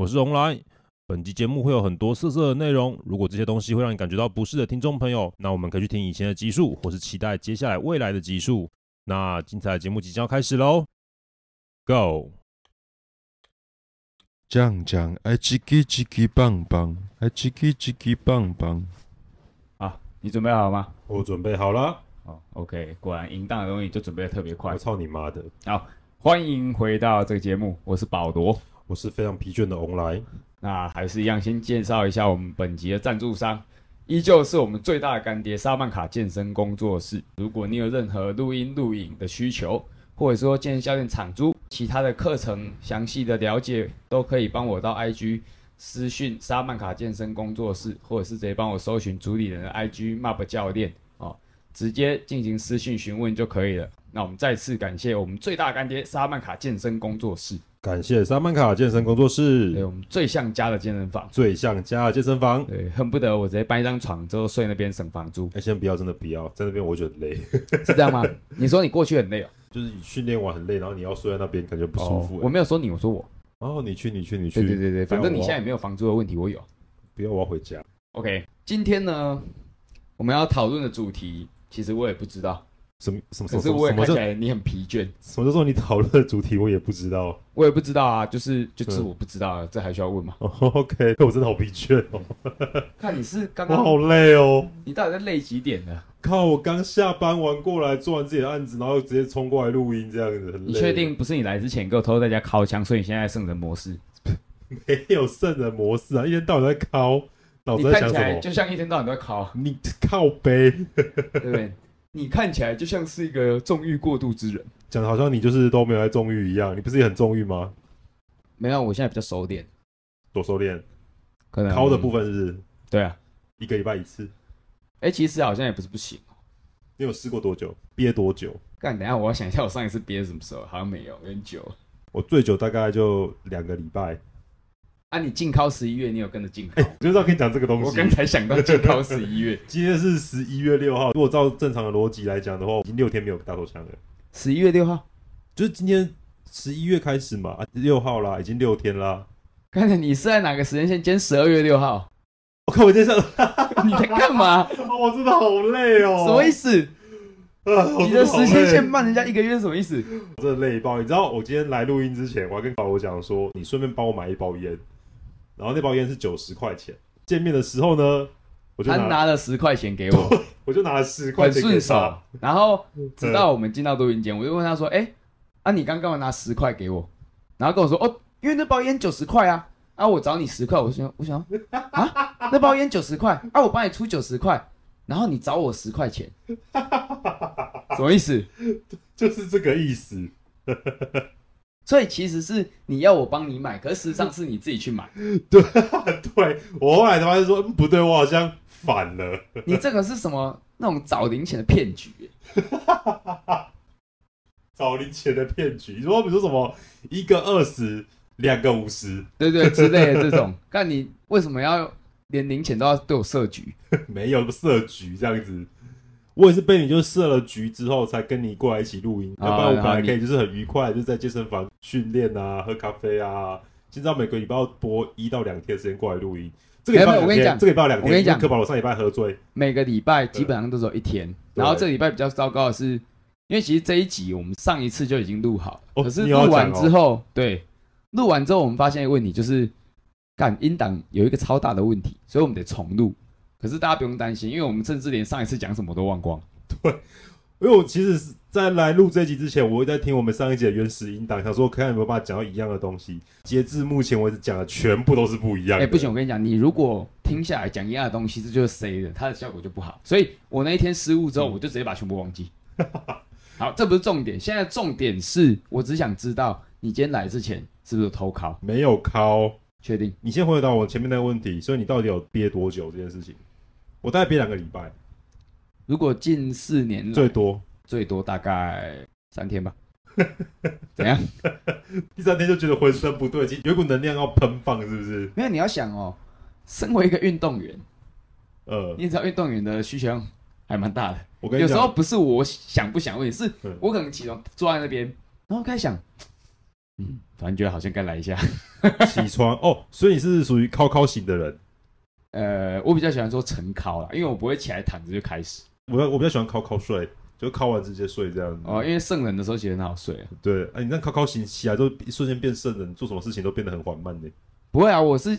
我是榮來，本期節目會有很多色色的內容。如果這些東西會讓你感覺到不適的聽眾朋友，那我們可以去聽以前的集數，或是期待接下來未來的集數。那精彩的節目即將要開始嘍，Go！醬醬，愛吃雞吃雞棒棒，愛吃雞吃雞棒棒。啊，你準備好了嗎？我準備好了。哦，OK，果然淫蕩的東西就準備得特別快。我操你媽的！好，歡迎回到這個節目，我是保羅。我是非常疲倦的 online，那還是一樣，先介紹一下我們本集的贊助商，依舊是我們最大的乾爹沙曼卡健身工作室。如果你有任何錄音錄影的需求，或者說健身教練場租、其他的課程詳細的了解，都可以幫我到 IG 私訊沙曼卡健身工作室，或者是直接幫我搜尋主理人的 IG MAP 教練哦，直接進行私訊詢問就可以了。那我們再次感謝我們最大乾爹沙曼卡健身工作室。感謝 Salamanca 健身工作室對，對我們最像家的健身房，最像家的健身房，對，恨不得我直接搬一張床，之後睡那邊省房租。哎、欸，先不要，真的不要，在那邊我覺得很累， 是這樣嗎？你說你過去很累哦、喔，就是你訓練完很累，然後你要睡在那邊感覺不舒服、欸。Oh, 我沒有說你，我說我。哦、oh,，你去，你去，你去。對對對對，反正你現在也沒有房租的問題，我有，不要，我要回家。OK，今天呢，我們要討論的主題，其實我也不知道。什麼什麼？什麼是我看起來你很疲倦。什麼時候你討論的主題我也不知道，我也不知道啊，就是就是我不知道，這還需要問嗎？Oh，OK，那我真的好疲倦哦。 看你是剛剛，我好累哦。你到底在累幾點呢、啊？靠，我剛下班完過來，做完自己的案子，然後又直接衝過來錄音，這樣子。你確定不是你來之前，給我偷偷在家尻槍，所以你現在聖人模式？沒有聖人模式啊，一天到晚在尻，腦子在想什麼？你看起來就像一天到晚都在尻。你靠北， 對不對。你看起來就像是一個縱慾過度之人，講的好像你就是都沒有在縱慾一樣，你不是也很縱慾嗎？沒有，我現在比較收斂，多收斂，可能。尻的部分是？對啊，一個禮拜一次。哎，其實好像也不是不行哦。你有試過多久？憋多久？幹，等下我要想一下，我上一次憋什麼時候？好像沒有，有點久。我最久大概就兩個禮拜。啊，你進靠十一月，你有跟着進、欸、我就要跟你講這個東西。我剛才想到進靠十一月， 今天是十一月六號。如果照正常的邏輯來講的話，已經六天沒有打手槍了。十一月六號，就是今天十一月開始嘛，六、啊、號啦，已經六天啦。剛才你是在哪個時間線？今天十二月六號。哦、可可我看我介這， 你在幹幹嘛 、哦？我真的好累哦。 什麼意思？ 啊、的你的時間線慢人家一個月是什麼意思？我真的累爆！你知道我今天來錄音之前，我還跟寶我講說，你順便幫我買一包菸。然後那包煙是九十塊錢。見面的時候呢，我就拿他拿了十塊錢給我，我就拿了十塊錢給，很順手。然後直到我們進到錄音間，我就問他說：“哎、欸，啊，你剛剛拿十塊給我，然後跟我說哦，因為那包煙九十塊啊，啊，我找你十塊，我想，我想，啊，那包煙九十塊，啊，我幫你出九十塊，然後你找我十塊錢，什麼意思？就是這個意思。 ”所以其實是你要我幫你買，可是實際上是你自己去買。 對、啊、對，我後來他媽就說不對，我好像反了。 你這個是什麼那種找零錢的騙局、欸、 局？找零錢的騙局，你說比如說什麼一個二十，兩個五十，對對之類的這種，但 你為什麼要連零錢都要對我設局？ 沒有設局，這樣子。我也是被你就設了局之後，才跟你過來一起錄音。Oh, 要不然我本來可以就是很愉快，就是在健身房訓練啊，喝咖啡啊。現在每個禮拜要播一到兩天的時間過來錄音，這個禮拜、欸、我跟你講，這個禮拜兩天，我跟你講，你可把我上禮拜喝醉。每個禮拜基本上都是有一天，然後這禮拜比較糟糕的是，因為其實這一集我們上一次就已經錄好，可是錄完之後，哦哦、對，錄完之後我們發現一個問題，就是乾音檔有一個超大的問題，所以我們得重錄。可是大家不用擔心，因為我們甚至連上一次講什麼都忘光。對，因為我其實是在來錄這一集之前，我會在聽我們上一集的原始音檔，想說我看看有沒有辦法講到一樣的東西。截至目前為止，講的全部都是不一樣的。哎、欸，不行，我跟你講，你如果聽下來講一樣的東西，這就是 C 的，它的效果就不好。所以我那一天失誤之後、嗯，我就直接把全部忘記。 好，這不是重點。現在重點是我只想知道你今天來之前是不是有偷尻？沒有尻，確定？你先回答我前面那個問題，所以你到底有憋多久這件事情？我大概憋兩個禮拜，如果近四年最多最多大概三天吧。 怎樣？ 第三天就覺得渾身不對勁，有股能量要噴放，是不是？沒有，你要想哦，身為一個運動員，呃，你知道運動員的需求還蠻大的。有時候不是我想不想問題，是我可能起床坐在那邊，嗯、然後開始想，嗯、反突然覺得好像該來一下起床。 哦，所以你是屬於靠靠型的人。呃，我比較喜歡說晨考啦，因為我不會起來躺着就開始。我比較我比較喜歡靠靠睡，就靠完直接睡這樣子。哦，因為聖人的時候，其實很好睡、啊。對，啊，你看靠靠醒起來就一瞬間變聖人，做什麼事情都變得很緩慢呢、欸？不會啊，我是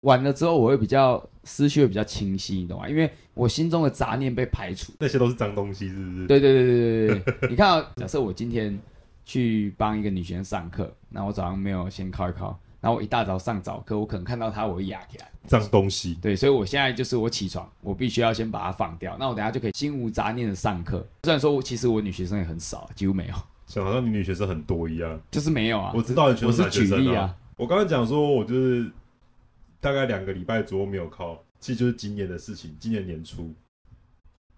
完了之後，我會比較思緒會比較清晰，你懂嗎？因為我心中的雜念被排除，那些都是髒東西，是不是？對對對對對 你看、喔，假設我今天去幫一個女學生上課，那我早上沒有先靠一靠。然後我一大早上早課，我可能看到它，我會壓起來。髒東西。對，所以我現在就是我起床，我必須要先把它放掉。那我等下就可以心無雜念的上課。雖然說我，其實我女學生也很少、啊，幾乎沒有。好像，像你女學生很多一樣，就是沒有啊。我知道你學生生、啊，我是舉例啊。我剛才講說，我就是大概兩個禮拜左右沒有考，其實就是今年的事情，今年年初。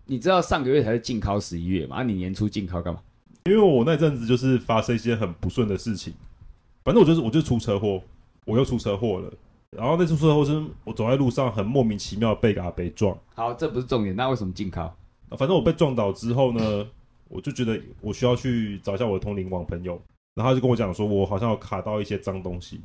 你知道上個月才是禁考十一月嘛？啊、你年初禁考幹嘛？因為我那陣子就是發生一些很不順的事情，反正我就是我就出車禍。我又出車禍了，然後那次出車禍是我走在路上很莫名其妙被嘎被撞。好，這不是重點，那為什麼進靠？反正我被撞倒之後呢， 我就覺得我需要去找一下我的通靈王朋友，然後他就跟我講說，我好像有卡到一些髒東西。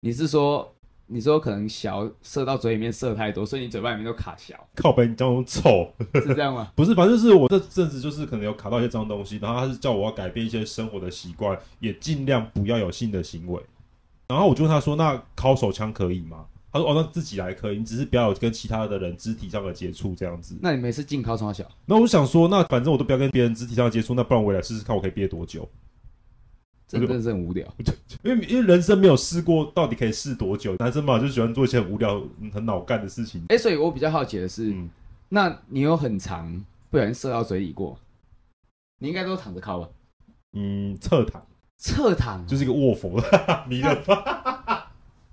你是說，你說可能小射到嘴裡面射太多，所以你嘴巴裡面都卡小？靠北你叫人醜 是這樣嗎？不是，反正是我這陣子就是可能有卡到一些髒東西，然後他是叫我要改變一些生活的習慣，也盡量不要有性的行為。然後我就問他說：“那尻手槍可以嗎？”他說：“哦，那自己來可以，你只是不要跟其他的人肢體上的接觸這樣子。”那你每次進考場，小？那我想說，那反正我都不要跟別人肢體上接觸，那不然我來試試看，我可以憋多久？這真的是很無聊，對，因為因為人生沒有試過，到底可以試多久？男生嘛，就喜歡做一些很無聊、很腦幹的事情。哎、欸，所以我比較好奇的是，嗯、那你有很長，不小心射到嘴裡過？你應該都躺着尻吧？嗯，側躺。側躺、啊、就是一個臥佛，彌 勒佛。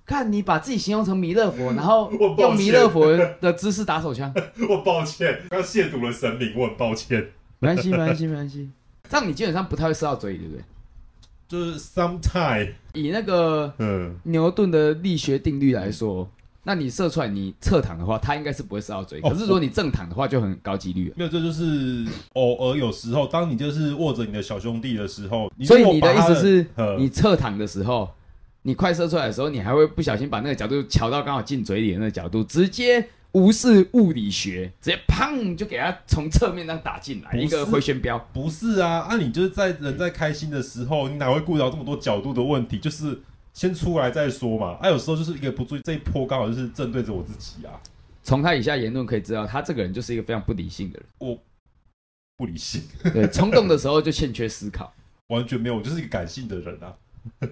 看你把自己形容成彌勒佛，然後用彌勒佛的姿勢打手槍。我抱, 我抱歉，剛褻瀆了神明，我很抱歉。 沒關係，沒關係，沒關係。這樣你基本上不太會吃到嘴，對不對？就是 sometime 以那個嗯牛頓的力學定律來說。嗯嗯那你射出來，你側躺的話，他應該是不會射到嘴。可是如果你正躺的話，就很高幾率了。哦哦。沒有，這就是偶爾有時候， 當你就是握着你的小兄弟的時候，所以你的意思是，你側躺的時候，你快射出來的時候，你還會不小心把那個角度調到剛好進嘴裡的那個角度，直接無視物理學，直接砰就給他從側面這樣打進來一個回旋鏢。不是啊，那、啊、你就是在人在開心的時候，你哪會顧到這麼多角度的問題？就是。先出來再說嘛，他、啊、有時候就是一個不注意，這一波剛好就是正對着我自己啊。從他以下言論可以知道，他這個人就是一個非常不理性的人。我不理性， 對，衝動的時候就欠缺思考，完全沒有，我就是一個感性的人啊。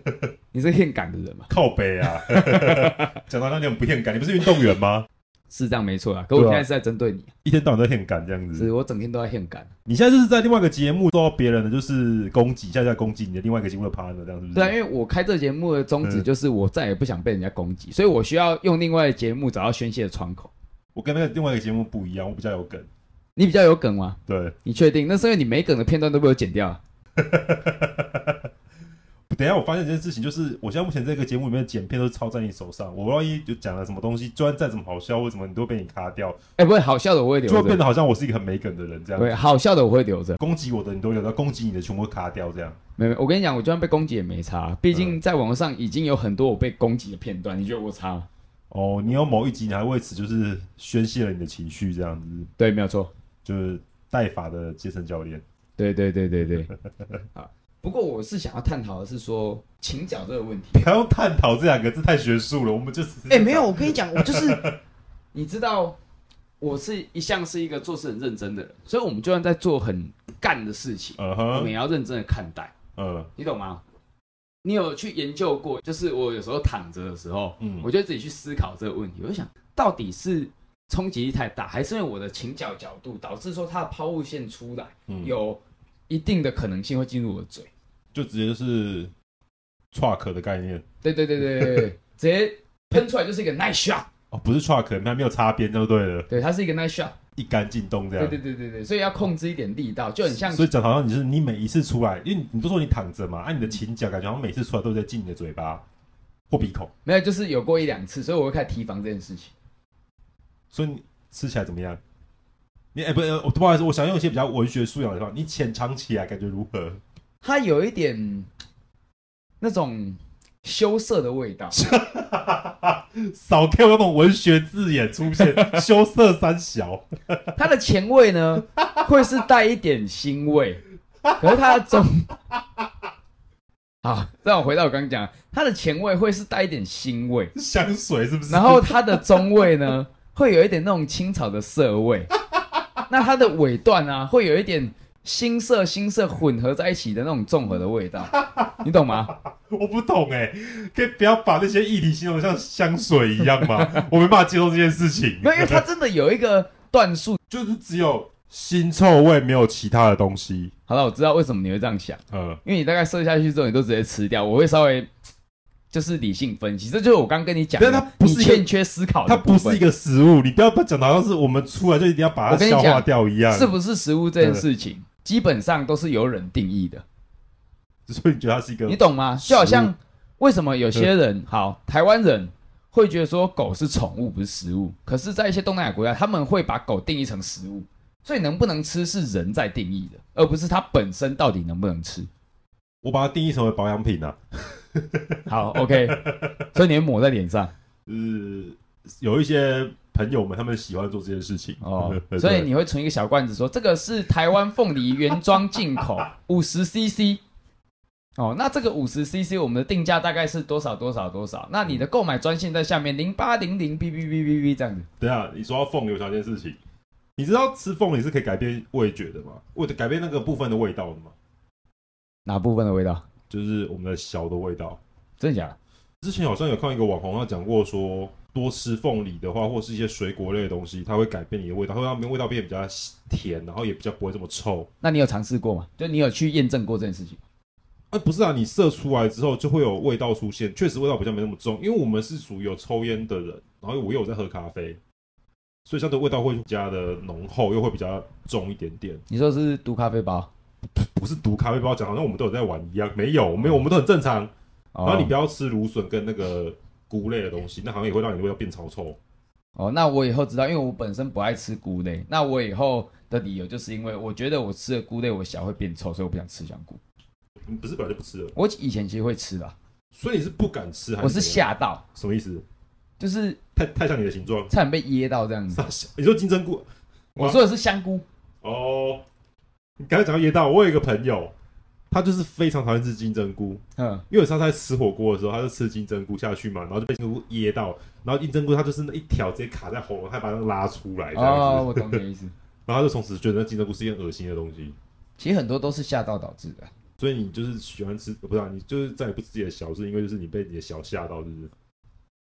你是性感的人嗎？靠北啊， 講到那裡很不性感，你不是運動員嗎？ 是這樣沒錯啊，可我現在是在針對你對、啊，一天到晚都在很趕。這樣子，是我整天都在很趕，你現在就是在另外一個節目做到別人的就是攻擊，現在在攻擊你的另外一個節目的 partner，這樣子對、啊，因為我開這個節目的宗旨就是我再也不想被人家攻擊、嗯，所以我需要用另外的節目找到宣泄的窗口。我跟那個另外一個節目不一樣，我比較有梗。你比較有梗嗎？對。你確定？那是因為你沒梗的片段都被我剪掉、啊。 等一下，我發現一件事情，就是我現在目前這個節目裡面的剪片都抄在你手上。我萬一就講了什麼東西，就算再怎麼好笑，為什麼你都被你卡掉？哎、欸，不會好笑的，我會留着。就會變得好像我是一個很沒梗的人這樣。對，好笑的我會留着。攻擊我的你都留着，攻擊你的全部會卡掉這樣。沒沒，我跟你講，我就算被攻擊也沒差，畢竟在網絡上已經有很多我被攻擊的片段。你覺得我差？哦，你有某一集你還為此就是宣泄了你的情緒這樣子？對，沒有錯，就是帶法的健身教練。對對對對對，對。啊。 不過我是想要探討的是說，傾角這個問題。不要用“探討”這兩個字太學術了，我們就是……哎、欸，沒有，我跟你講，我就是， 你知道，我是一向是一個做事很認真的人，所以我們就算在做很幹的事情，uh -huh. 我們也要認真的看待，嗯、uh -huh.，你懂嗎？你有去研究過？就是我有時候躺着的時候，嗯，我就自己去思考這個問題，我就想到底是衝擊力太大，還是因為我的傾角角度導致說它的拋物線出來、嗯、有。一定的可能性會進入我的嘴，就直接是 truck 的概念。對對對對對， 直接噴出來就是一個 nice shot。哦，不是 truck，它沒有擦邊，就對了。對，它是一個 nice shot，一桿進洞這樣。對對對對對，所以要控制一點力道，哦、就很像。所以講好像你是你每一次出來，因為你，你不說你躺着嘛，按、啊、你的琴腳感覺好像每次出來都在進你的嘴巴或鼻孔。沒有，就是有過一兩次，所以我會開始提防這件事情。所以你吃起來怎麼樣？哎、欸，不、欸我，不好意思，我想用一些比較文學素養的話，你淺嘗起來感覺如何？它有一點那種羞澀的味道。 少給我那種文學字眼出現，羞澀三小。它的前味呢， 會是帶一點腥味，可是它的中…… 好，讓我回到我剛剛講，它的前味會是帶一點腥味，香水是不是？然後它的中味呢， 會有一點那種青草的澀味。那它的尾段啊，會有一點腥色、腥色混合在一起的那種綜合的味道， 你懂嗎？我不懂哎、欸，可以不要把那些液體形容像香水一樣嗎？ 我沒辦法接受這件事情。因為它真的有一個段數， 就是只有腥臭味，沒有其他的東西。好了，我知道為什麼你會這樣想。嗯，因為你大概射下去之後，你都直接吃掉，我會稍微。就是理性分析，這就是我剛跟你講的。但它不是欠缺思考的它，它不是一個食物。你不要不要講好像是我們出來就一定要把它消化掉一樣。是不是食物這件事情、呃，基本上都是由人定義的。所以你覺得它是一個，你懂嗎？就好像為什麼有些人、呃、好台灣人會覺得說，狗是寵物不是食物，可是在一些東南亞國家他們會把狗定義成食物。所以能不能吃是人在定義的，而不是它本身到底能不能吃。我把它定義成為保養品了，啊。 好，OK，所以你會抹在臉上。呃、嗯，有一些朋友們他們喜歡做這件事情哦， 所以你會存一個小罐子說，說這個是台灣鳳梨原裝進口，五 十 CC。哦，那這個五十 CC 我們的定價大概是多少多少多少？嗯、那你的購買專線在下面零八零零 B B B B B b 這樣子。對啊，你說到鳳梨有條件事情，你知道吃鳳梨是可以改變味覺的嗎？味改變那個部分的味道的嗎？哪部分的味道？就是我們的小的味道，真的假的？之前好像有看一個網紅他講過說，說多吃鳳梨的話，或是一些水果類的東西，它會改變你的味道，會讓味道變得比較甜，然後也比較不會這麼臭。那你有嘗試過嗎？就你有去驗證過這件事情？啊、欸，不是啊，你射出來之後就會有味道出現，確實味道比較沒那麼重，因為我們是屬於有抽菸的人，然後我又有在喝咖啡，所以它的味道會加的濃厚，又會比較重一點點。你說是毒咖啡包？不，不是毒咖啡包，不要講，好像我們都有在玩一樣。沒有，沒有，我們都很正常。Oh. 然後你不要吃蘆筍跟那個菇類的東西，那好像也會讓你的味道變超臭。哦、oh，那我以後知道，因為我本身不愛吃菇類。那我以後的理由就是因為我覺得我吃的菇類，我小會變臭，所以我不想吃香菇。你不是，本來就不吃了，我以前其實會吃的。所以你是不敢吃，還是？我是嚇到。什麼意思？就是太太像你的形狀，差點被噎到這樣子。 你說金針菇，我說的是香菇。哦、oh.。你剛才講到噎到，我有一個朋友，他就是非常討厭吃金針菇，嗯，因為他在吃火鍋的時候，他就吃金針菇下去嘛，然後就被金針菇噎到，然後金針菇它就是那一條直接卡在喉嚨，他把那個拉出來這樣子，哦，哦，哦，我懂你的意思， 然後他就從此覺得金針菇是一件噁心的東西。其實很多都是嚇到導致的，所以你就是喜歡吃，不是、啊、你就是再也不吃自己的小事，因為就是你被你的小嚇到，就是？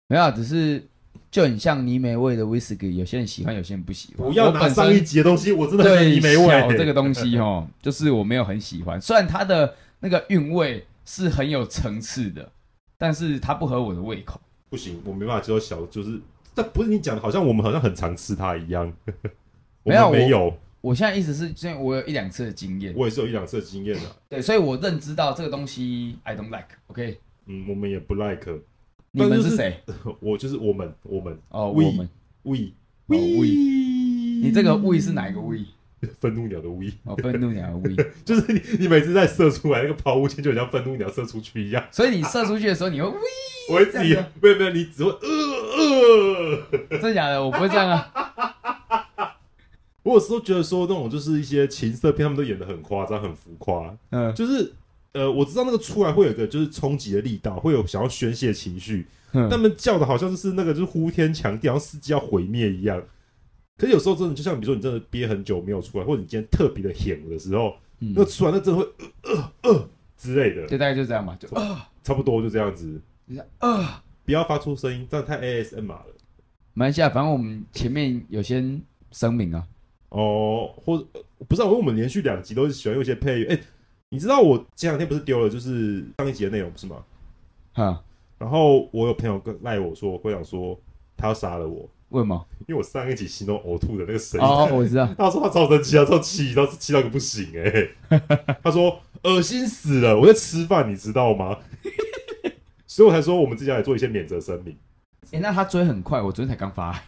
沒有，只是。就很像泥煤味的威士忌，有些人喜歡，有些人不喜歡。不要拿上一集的東西，我真的對，對小這個東西哦， 就是我沒有很喜歡。雖然它的那個韻味是很有層次的，但是它不合我的胃口。不行，我沒辦法接受小，就是，但不是你講的好像我們好像很常吃它一樣。 沒有，沒有。我現在意思是，我有一兩次的經驗。我也是有一兩次的經驗的啊。對，所以我認知到這個東西，I don't like。OK。嗯，我們也不 like。你們，就是，你們是誰、呃？我就是我們，我們哦、oh,，we we we,、oh, we，你這個 we 是哪一個 we？憤怒鳥的 we，哦，憤、oh, 怒鳥的 we， 就是你，你每次在射出來那個拋物線，就好像憤怒鳥射出去一樣。所以你射出去的時候你， 你會 we，我你沒有沒有，你只會呃呃，呃 真的假的？我不會這樣啊。 我有時候覺得說那種就是一些情色片，他們都演得很誇張，很浮誇，嗯，就是。呃，我知道那個出來會有一個就是衝擊的力道，會有想要宣洩的情緒。他們叫的好像就是那個就是呼天搶地，然後司機要毀滅一樣。可有時候真的就像比如說你真的憋很久沒有出來，或者你今天特別的險的時候，那、嗯、出來那真的會呃、呃呃之類的。就大概就這樣嘛，就差不多就這樣子。呃、啊，不要發出聲音，這樣太 ASMR 了。沒關係、啊，反正我們前面有些聲明啊。哦，或者、呃、不是、啊，我因為我們連續兩集都喜歡用一些配樂，哎、欸。你知道我前兩天不是丟了就是上一集的內容，不是嗎？哈，然後我有朋友跟賴我說，我朋友說他要殺了我。為什麼？因為我上一集形容嘔吐的那個聲音。哦哦我知道。他說他超生氣啊，超氣，他氣到個不行哎、欸， 他說噁心死了，我在吃飯，你知道嗎？ 所以我才說我們自己來做一些免責聲明。誒、欸，那他追很快，我昨天才剛發，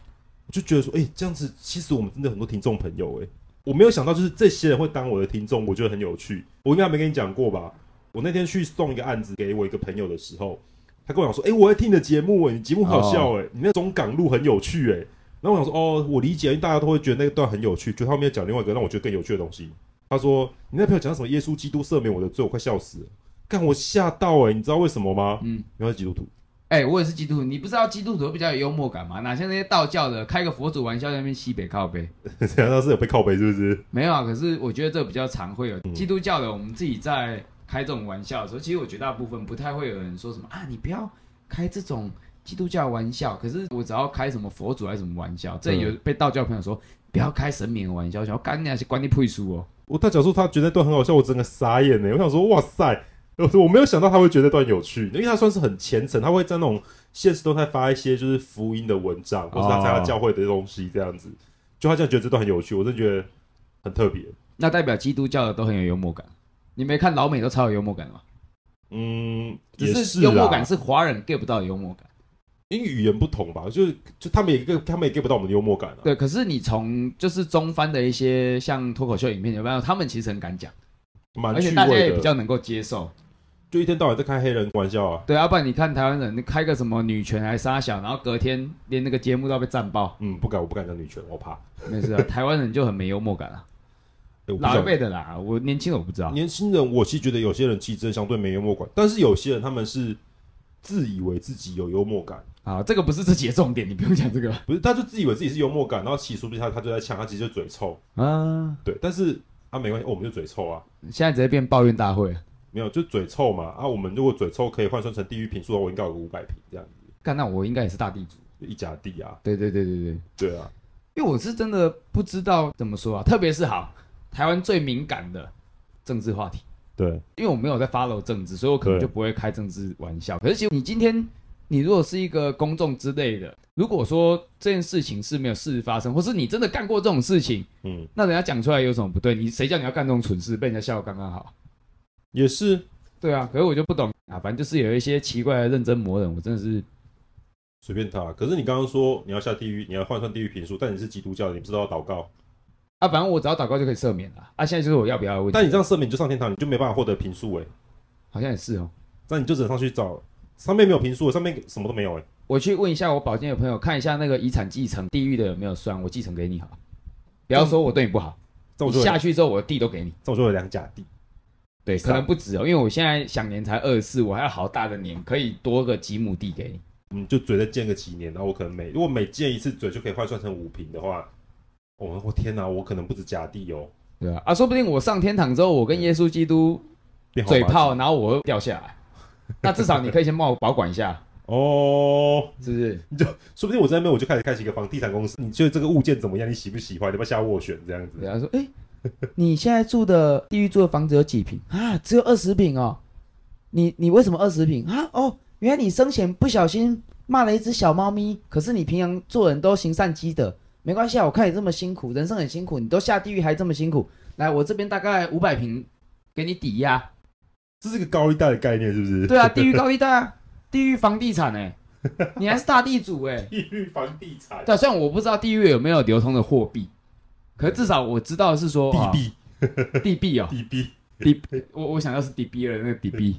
我就覺得說，誒、欸，這樣子其實我們真的很多聽眾朋友、欸，誒。我沒有想到，就是這些人會當我的聽眾，我覺得很有趣。我應該沒跟你講過吧？我那天去送一個案子給我一個朋友的時候，他跟我講說：“哎、欸，我在聽你的節目、欸，你節目好笑、欸，哎，你那中港路很有趣，哎。”然後我想說：“哦，我理解，因為大家都會覺得那段很有趣，就他後面講另外一個讓我覺得更有趣的東西。”他說：“你那朋友講什麼耶穌基督赦免我的罪，我快笑死了，幹我嚇到哎、欸，你知道為什麼嗎？嗯，原來是基督徒。”哎、欸，我也是基督徒，你不知道基督徒比較有幽默感嗎？哪像那些道教的，開個佛祖玩笑，在那邊西北靠北，難 道是有被靠北是不是？沒有，啊？可是我覺得這個比較常會有。基督教的，我們自己在開這種玩笑的時候，其實我絕大部分不太會有人說什麼啊，你不要開這種基督教玩笑。可是我只要開什麼佛祖還是什麼玩笑，嗯、這有被道教的朋友說不要開神明的玩笑，要幹那些關你屁事哦。我大腳叔他覺得段很好笑，我真的傻眼哎，我想說哇塞。我沒有想到他會覺得這段有趣，因為他算是很虔誠，他會在那種限時動態發一些就是福音的文章，或者他在他教會的東西這樣子，oh. 就他這樣覺得這段很有趣，我真的覺得很特別。那代表基督教的都很有幽默感，你沒看老美都超有幽默感嗎？嗯，也是。是幽默感是華人 get 不到的幽默感，因為語言不同吧？就是就他們也 get，他們也 get 不到我們的幽默感啊。對，可是你從就是中翻的一些像脫口秀影片有沒有？他們其實很敢講，而且大家也比較能夠接受。就一天到晚在開黑人玩笑啊。對啊，不然，你看台灣人你開個什麼女權來殺小，然後隔天連那個節目都要被戰爆。嗯，不敢，我不敢講女權，我怕。 沒事啊，台灣人就很沒幽默感啊。哪、欸、老一輩的啦？我年輕人我不知道。年輕人，我其實覺得有些人氣質相對沒幽默感，但是有些人他們是自以為自己有幽默感啊。這個不是自己的重點，你不用講這個。不是，他就自以為自己是幽默感，然後起說不定他，他他就在嗆，他其實就嘴臭。嗯、啊，對。但是啊，沒關係、哦，我們就嘴臭啊。現在直接變抱怨大會。沒有，就嘴臭嘛啊！我們如果嘴臭可以換算成地獄坪數，我應該有個五百坪這樣子。幹，那我應該也是大地主，一甲地啊。對對對對對對啊！因為我是真的不知道怎麼說啊，特別是好台灣最敏感的政治話題。對，因為我沒有在 follow 政治，所以我可能就不會開政治玩笑。可是，其實你今天你如果是一個公眾之類的，如果說這件事情是沒有事發生，或是你真的幹過這種事情，嗯，那人家講出來有什麼不對？你誰叫你要幹這種蠢事，被人家笑剛剛好。也是，對啊，可是我就不懂啊，反正就是有一些奇怪的認真魔人，我真的是隨便他。啊，可是你剛剛說你要下地獄，你要換算地獄評數，但你是基督教的，你不知道禱告啊？反正我只要禱告就可以赦免了啊。現在就是我要不要問？但你這樣赦免就上天堂，你就沒辦法獲得評數哎。好像也是哦。那你就只能上去找上面沒有評數，上面什麼都沒有哎。我去問一下我保健的朋友看一下那個遺產繼承地獄的有沒有算，我繼承給你好吧？不要說我對你不好，我、嗯、下去之後我的地都給你，我就有兩甲地。對，可能不止哦、喔，因為我現在享年才二十四，我還有好大的年，可以多個幾畝地給你。嗯，就嘴再建個幾年，然後我可能每如果每建一次嘴就可以換算成五坪的話，我、喔、我天哪，我可能不止假地哦、喔。對啊，啊，說不定我上天堂之後，我跟耶穌基督嘴炮，然後我又掉下來，那至少你可以先幫我保管一下 哦，是不是？你就說不定我在那邊我就開始開啟一個房地產公司，你覺得這個物件怎麼樣，你喜不喜歡？你要不要下斡旋這樣子。他、啊、說，哎、欸。你現在住的地獄住的房子有幾坪啊？只有二十坪哦。你你為什麼二十坪啊？哦，原來你生前不小心罵了一隻小貓咪。可是你平常做人都行善積德，沒關係啊。我看你這麼辛苦，人生很辛苦，你都下地獄還這麼辛苦。來，我這邊大概五百坪給你抵押。這是個高利貸的概念是不是？對啊，地獄高利貸、啊， 地獄房地產哎、欸，你還是大地主哎、欸，地獄房地產。對，雖然我不知道地獄有沒有流通的貨幣。可至少我知道的是說 DB，DB 哦，d b d 我我想要是 DB 了，那個 DB，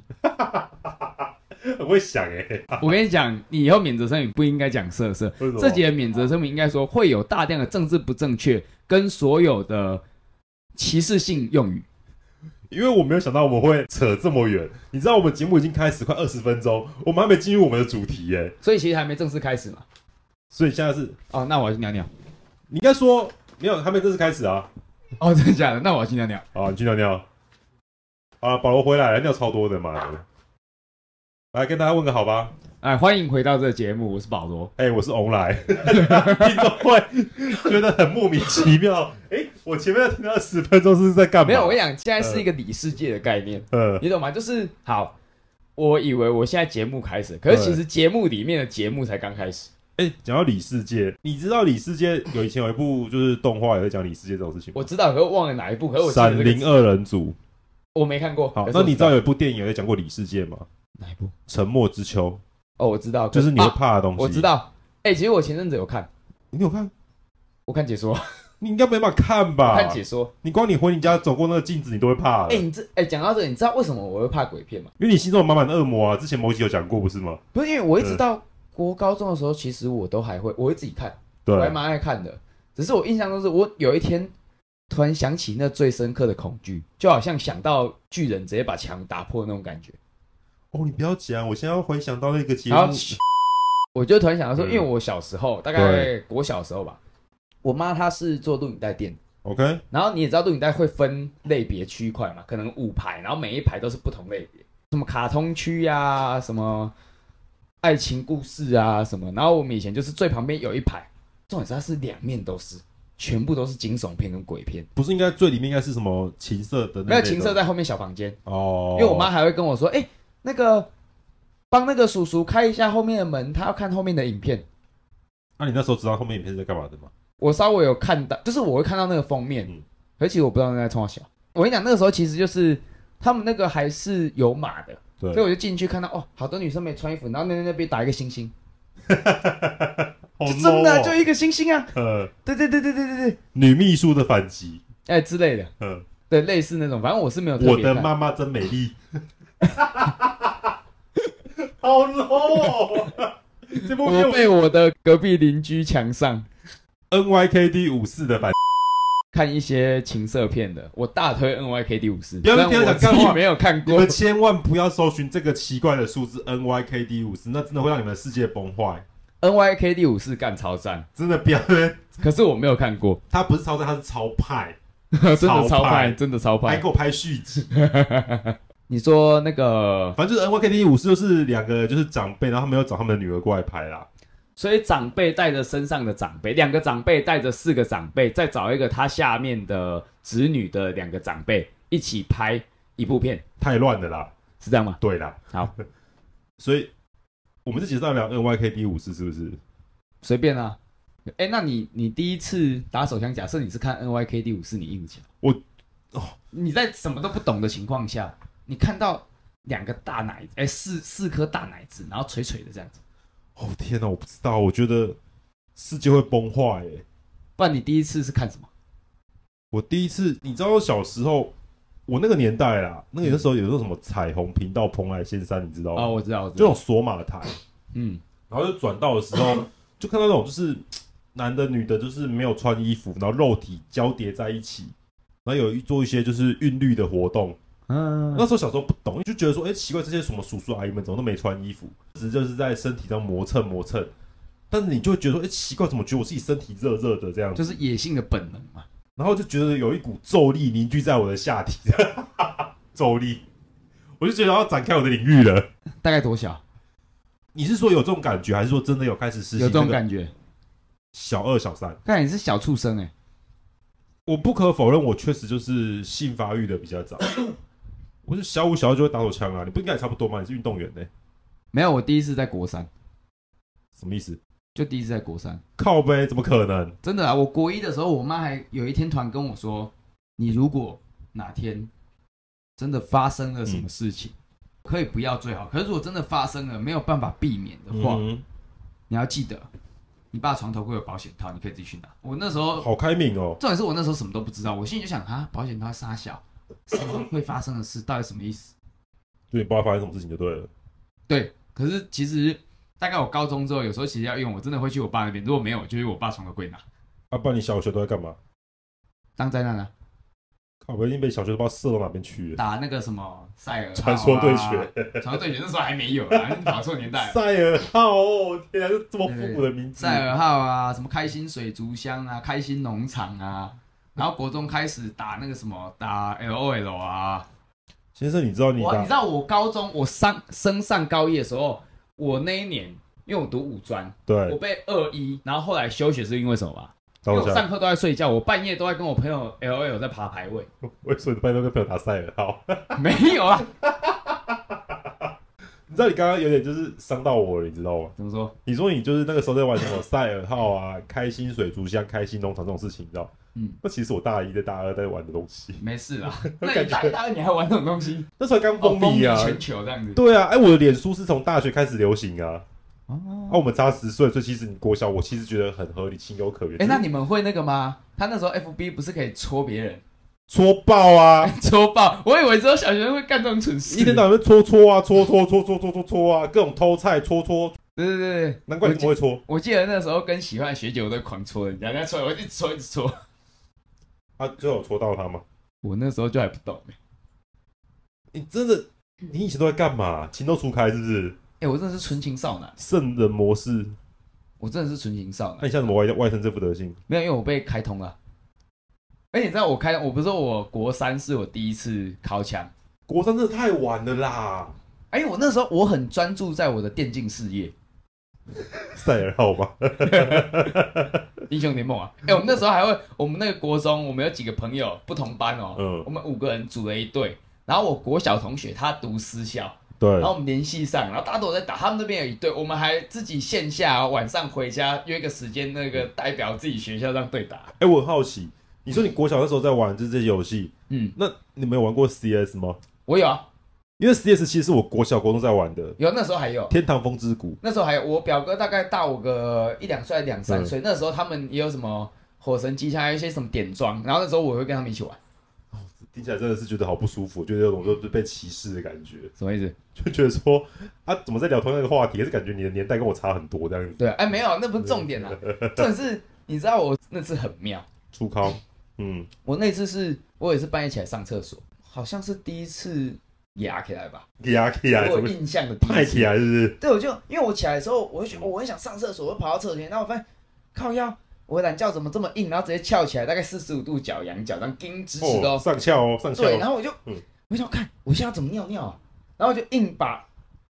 我會想、欸、我跟你講，你以後免責聲明不應該講色色，自己的免責聲明應該說、啊、會有大量的政治不正確跟所有的歧視性用語，因為我沒有想到我們會扯這麼遠，你知道我們節目已經開始快二十分鐘，我們還沒進入我們的主題耶、欸。所以其實還沒正式開始嘛，所以現在是哦、喔，那我還是尿尿，你應該說。沒有，還沒正式開始啊！哦，真的假的？那我要去尿尿。好，你去尿尿。啊，保羅回來了，尿超多的嘛。來，來跟大家問個好吧，哎，歡迎回到這個節目，我是保羅。哎、欸，我是 Only。 你都會覺得很莫名其妙。哎、欸，我前面要聽到十分鐘是，不是在幹嘛？沒有，我跟你講，現在是一個裡世界的概念。嗯、呃，你懂嗎？就是好，我以為我現在節目開始，可是其實節目裡面的節目才剛開始。呃哎、欸，講到裡世界，你知道裡世界有以前有一部就是動畫，也在講裡世界這種事情嗎？我知道，可是我忘了哪一部。可是我閃靈二人組，我沒看過。好，那你知道有一部電影也有講過裡世界嗎？哪一部？沉默之丘。哦，我知道，就是你會怕的東西。啊、我知道。哎、欸，其實我前陣子有看。你有看？我看解說。你應該沒辦法看吧？看解說。你光你回你家走過那個鏡子，你都會怕。哎、欸，你這哎，講、欸、到這個，裡，你知道為什麼我會怕鬼片嗎？因為你心中有滿滿的惡魔啊！之前某集有講過，不是嗎？不是，因為我一直到。我高中的時候，其實我都還會，我會自己看，對，我還蠻愛看的。只是我印象中是，我有一天突然想起那最深刻的恐懼，就好像想到巨人直接把牆打破的那種感覺。哦，你不要講，我現在要回想到那個節目，我就突然想到說，因為我小時候大概國小時候吧，我媽她是做錄影帶店，OK。然後你也知道錄影帶會分類別區塊嘛，可能五排，然後每一排都是不同類別，什麼卡通區呀、啊，什麼。愛情故事啊什麼，然後我們以前就是最旁邊有一排，重點是它是兩面都是，全部都是驚悚片跟鬼片，不是應該最裡面應該是什麼情色的那類的？沒有，情色在後面小房間哦，oh. 因為我媽還會跟我說，哎、欸，那個幫那個叔叔開一下後面的門，他要看後面的影片。那、啊、你那時候知道後面影片是在幹嘛的嗎？我稍微有看到，就是我會看到那個封面，而、嗯、且我不知道那在衝三小。我跟你講，那個時候其實就是他們那個還是有碼的。所以我就進去看到哦，好多女生沒穿衣服，然後那那，那邊打一個星星，哈哈哈哈哈，好就真的、哦、就一個星星啊，嗯、呃，對對對對對對對，女秘書的反擊，哎之類的，嗯、呃，對，類似那種，反正我是沒有特。我的媽媽真美麗，哈哈哈哈哈哈，好 low 弄哦，這 部 我被我的隔壁鄰居牆上，NYKD 五四的反擊。看一些情色片的，我大推 N Y K D 五四。不要不我講，幹話沒有看過。你們千萬不要搜尋這個奇怪的數字 N Y K D 五四，NYKD54, 那真的會讓你們世界崩壞。N Y K D 五四幹超讚，真的不要。可是我沒有看過，他不是超讚，他是超派, 超派，真的超派，真的超派，還給我拍續集。 你說那個，反正就是 N Y K D 五四，就是兩個就是長輩，然後他沒有找他們的女兒過來拍啦。所以長輩帶着身上的長輩，兩個長輩帶着四個長輩，再找一個他下面的子女的兩個長輩一起拍一部片，太亂的啦，是這樣嗎？對啦，好， 所以我們是介紹兩 N Y K D 五四是不是？隨便啊，哎、欸，那你你第一次打手槍，假設你是看 N Y K D 五四，你印象我、哦，你在什麼都不懂的情況下，你看到兩個大奶，哎、欸，四四顆大奶子，然後垂垂的這樣子。哦天哪，我不知道，我覺得世界會崩壞耶。不然你第一次是看什麼？我第一次，你知道我小時候我那個年代啦，嗯、那的、個、時候有那種什麼彩虹頻道、蓬萊仙山，你知道嗎？啊、哦，我知道，這種索馬的台，嗯，然後就轉到的時候，嗯、就看到那種就是男的女的，就是沒有穿衣服，然後肉體交疊在一起，然後有做一些就是韻律的活動。嗯，那時候小時候不懂，你就覺得說，哎、欸，奇怪，這些什麼叔叔阿姨們怎麼都沒穿衣服，其實就是在身體上磨蹭磨蹭。但是你就會覺得說，哎、欸，奇怪，怎麼覺得我自己身體熱熱的這樣子？就是野性的本能嘛。然後就覺得有一股咒力凝聚在我的下體，咒 力，我就覺得要展開我的領域了。大概多小？你是說有這種感覺，還是說真的有開始實行？有這種感覺。那個、小二、小三，看你是小畜生哎、欸。我不可否認，我確實就是性發育的比較早。 我是小五小六就會打手槍啊。你不應該也差不多嗎？你是運動員呢、欸？沒有，我第一次在國三，什麼意思？就第一次在國三，靠北，怎麼可能？真的啊，我國一的時候，我媽還有一天突然跟我說，你如果哪天真的發生了什麼事情，嗯、可以不要最好，可是如果真的發生了沒有辦法避免的話、嗯，你要記得，你爸床頭櫃有保險套，你可以自己去拿。我那時候好開明哦，重點是我那時候什麼都不知道，我心裡就想啊，保險套殺小。什麼會發生的事？到底什麼意思？對，你不知道發生什麼事情就對了。對，可是其實大概我高中之後，有時候其實要用，我真的會去我爸那邊。如果沒有，就是我爸床頭櫃拿。阿、啊、爸，不然你小學都在幹嘛？當災難啊！我已經被小學都不知道射到哪邊去了。打那個什麼賽爾傳說對決，傳、啊、說對決那時候還沒有啊，你 錯年代。賽爾號，天、啊，這麼復古的名字。賽爾號啊，什麼開心水族箱啊，開心農場啊。然後國中開始打那個什麼打 L O L 啊，先生你知道你，你知道我高中我上升上高一的時候，我那一年因為我讀五專，對，我被二一，然後後來休學是因為什麼嗎？因為我上課都在睡覺，我半夜都在跟我朋友 L O L 在爬排位，我也睡的半夜跟朋友打賽了，好， 沒有啊啦。 你知道你剛剛有點就是傷到我了，你知道嗎？怎麼說？你說你就是那個時候在玩什麼賽爾號啊、 嗯、開心水族箱、開心農場這種事情，你知道？嗯，那其實我大一、在大二在玩的東西。沒事啦， 那你大大二你還玩這種東西？ 那時候剛封閉啊，哦、全球這樣子。對啊，哎、欸，我的臉書是從大學開始流行啊。哦、啊。那、啊、我們差十歲，所以其實你國小，我其實覺得很合理，情有可原。哎、欸就是欸，那你們會那個嗎？他那時候 FB 不是可以戳別人？戳爆啊！ 戳爆！我以為只有小學生會幹這種蠢事。一天到晚就戳戳啊，戳戳,戳戳戳戳戳戳啊，各種偷菜戳戳。 對對對對，難怪你不會戳我。我記得那時候跟喜歡的學姐我都狂戳人家人家戳我一直戳，一直戳。他最後戳到他嗎？我那時候就還不懂。你、欸、真的，你以前都在幹嘛、啊？情竇初開是不是？哎、欸，我真的是純情少男，聖人模式。我真的是純情少男。那、啊、像什麼外、啊、外甥這副德行？沒有，因為我被開通了。哎、欸，你知道我開，我不是說我國三，是我第一次考槍。國三真的太晚了啦！哎、欸，我那時候我很專注在我的電競事業。賽爾號吧， 英雄聯盟啊。哎、欸，我們那時候還會， 我們那個國中，我們有幾個朋友不同班哦、嗯。我們五個人組了一隊，然後我國小同學他讀私校。對。然後我們聯繫上，然後大家都在打，他們那邊有一隊，我們還自己線下晚上回家約一個時間，那個代表自己學校讓對打。哎、欸，我很好奇。你說你國小的時候在玩就是這些遊戲，嗯，那你沒有玩過 CS 嗎？我有啊，因為 CS 其實是我國小國中在玩的。有，那時候還有《天堂風之谷》，那時候還有我表哥大概大我個一兩歲兩三歲，嗯、那時候他們也有什麼《火神機槍》還有一些什麼點裝，然後那時候我會跟他們一起玩。聽起來真的是覺得好不舒服，覺得有種說被歧視的感覺。什麼意思？就覺得說啊，怎麼在聊同樣的話題，還是感覺你的年代跟我差很多這樣子？對、啊，哎，沒有，那不是重點啦、啊，重 點是你知道我那次很妙，初考。嗯，我那次是，我也是半夜起來上廁所，好像是第一次壓起來吧，壓起來，我印象的太一次起來是不是？對，我就因為我起來的時候，我就覺得我很想上廁所，我就跑到廁所，然後我發現靠腰，我的懶覺怎麼這麼硬，然後直接翹起來，大概四十五度角仰角，然後挺直直的，上翹哦，上翹、哦哦。對，然後我就，嗯、我想看我現在怎麼尿尿啊，然後我就硬把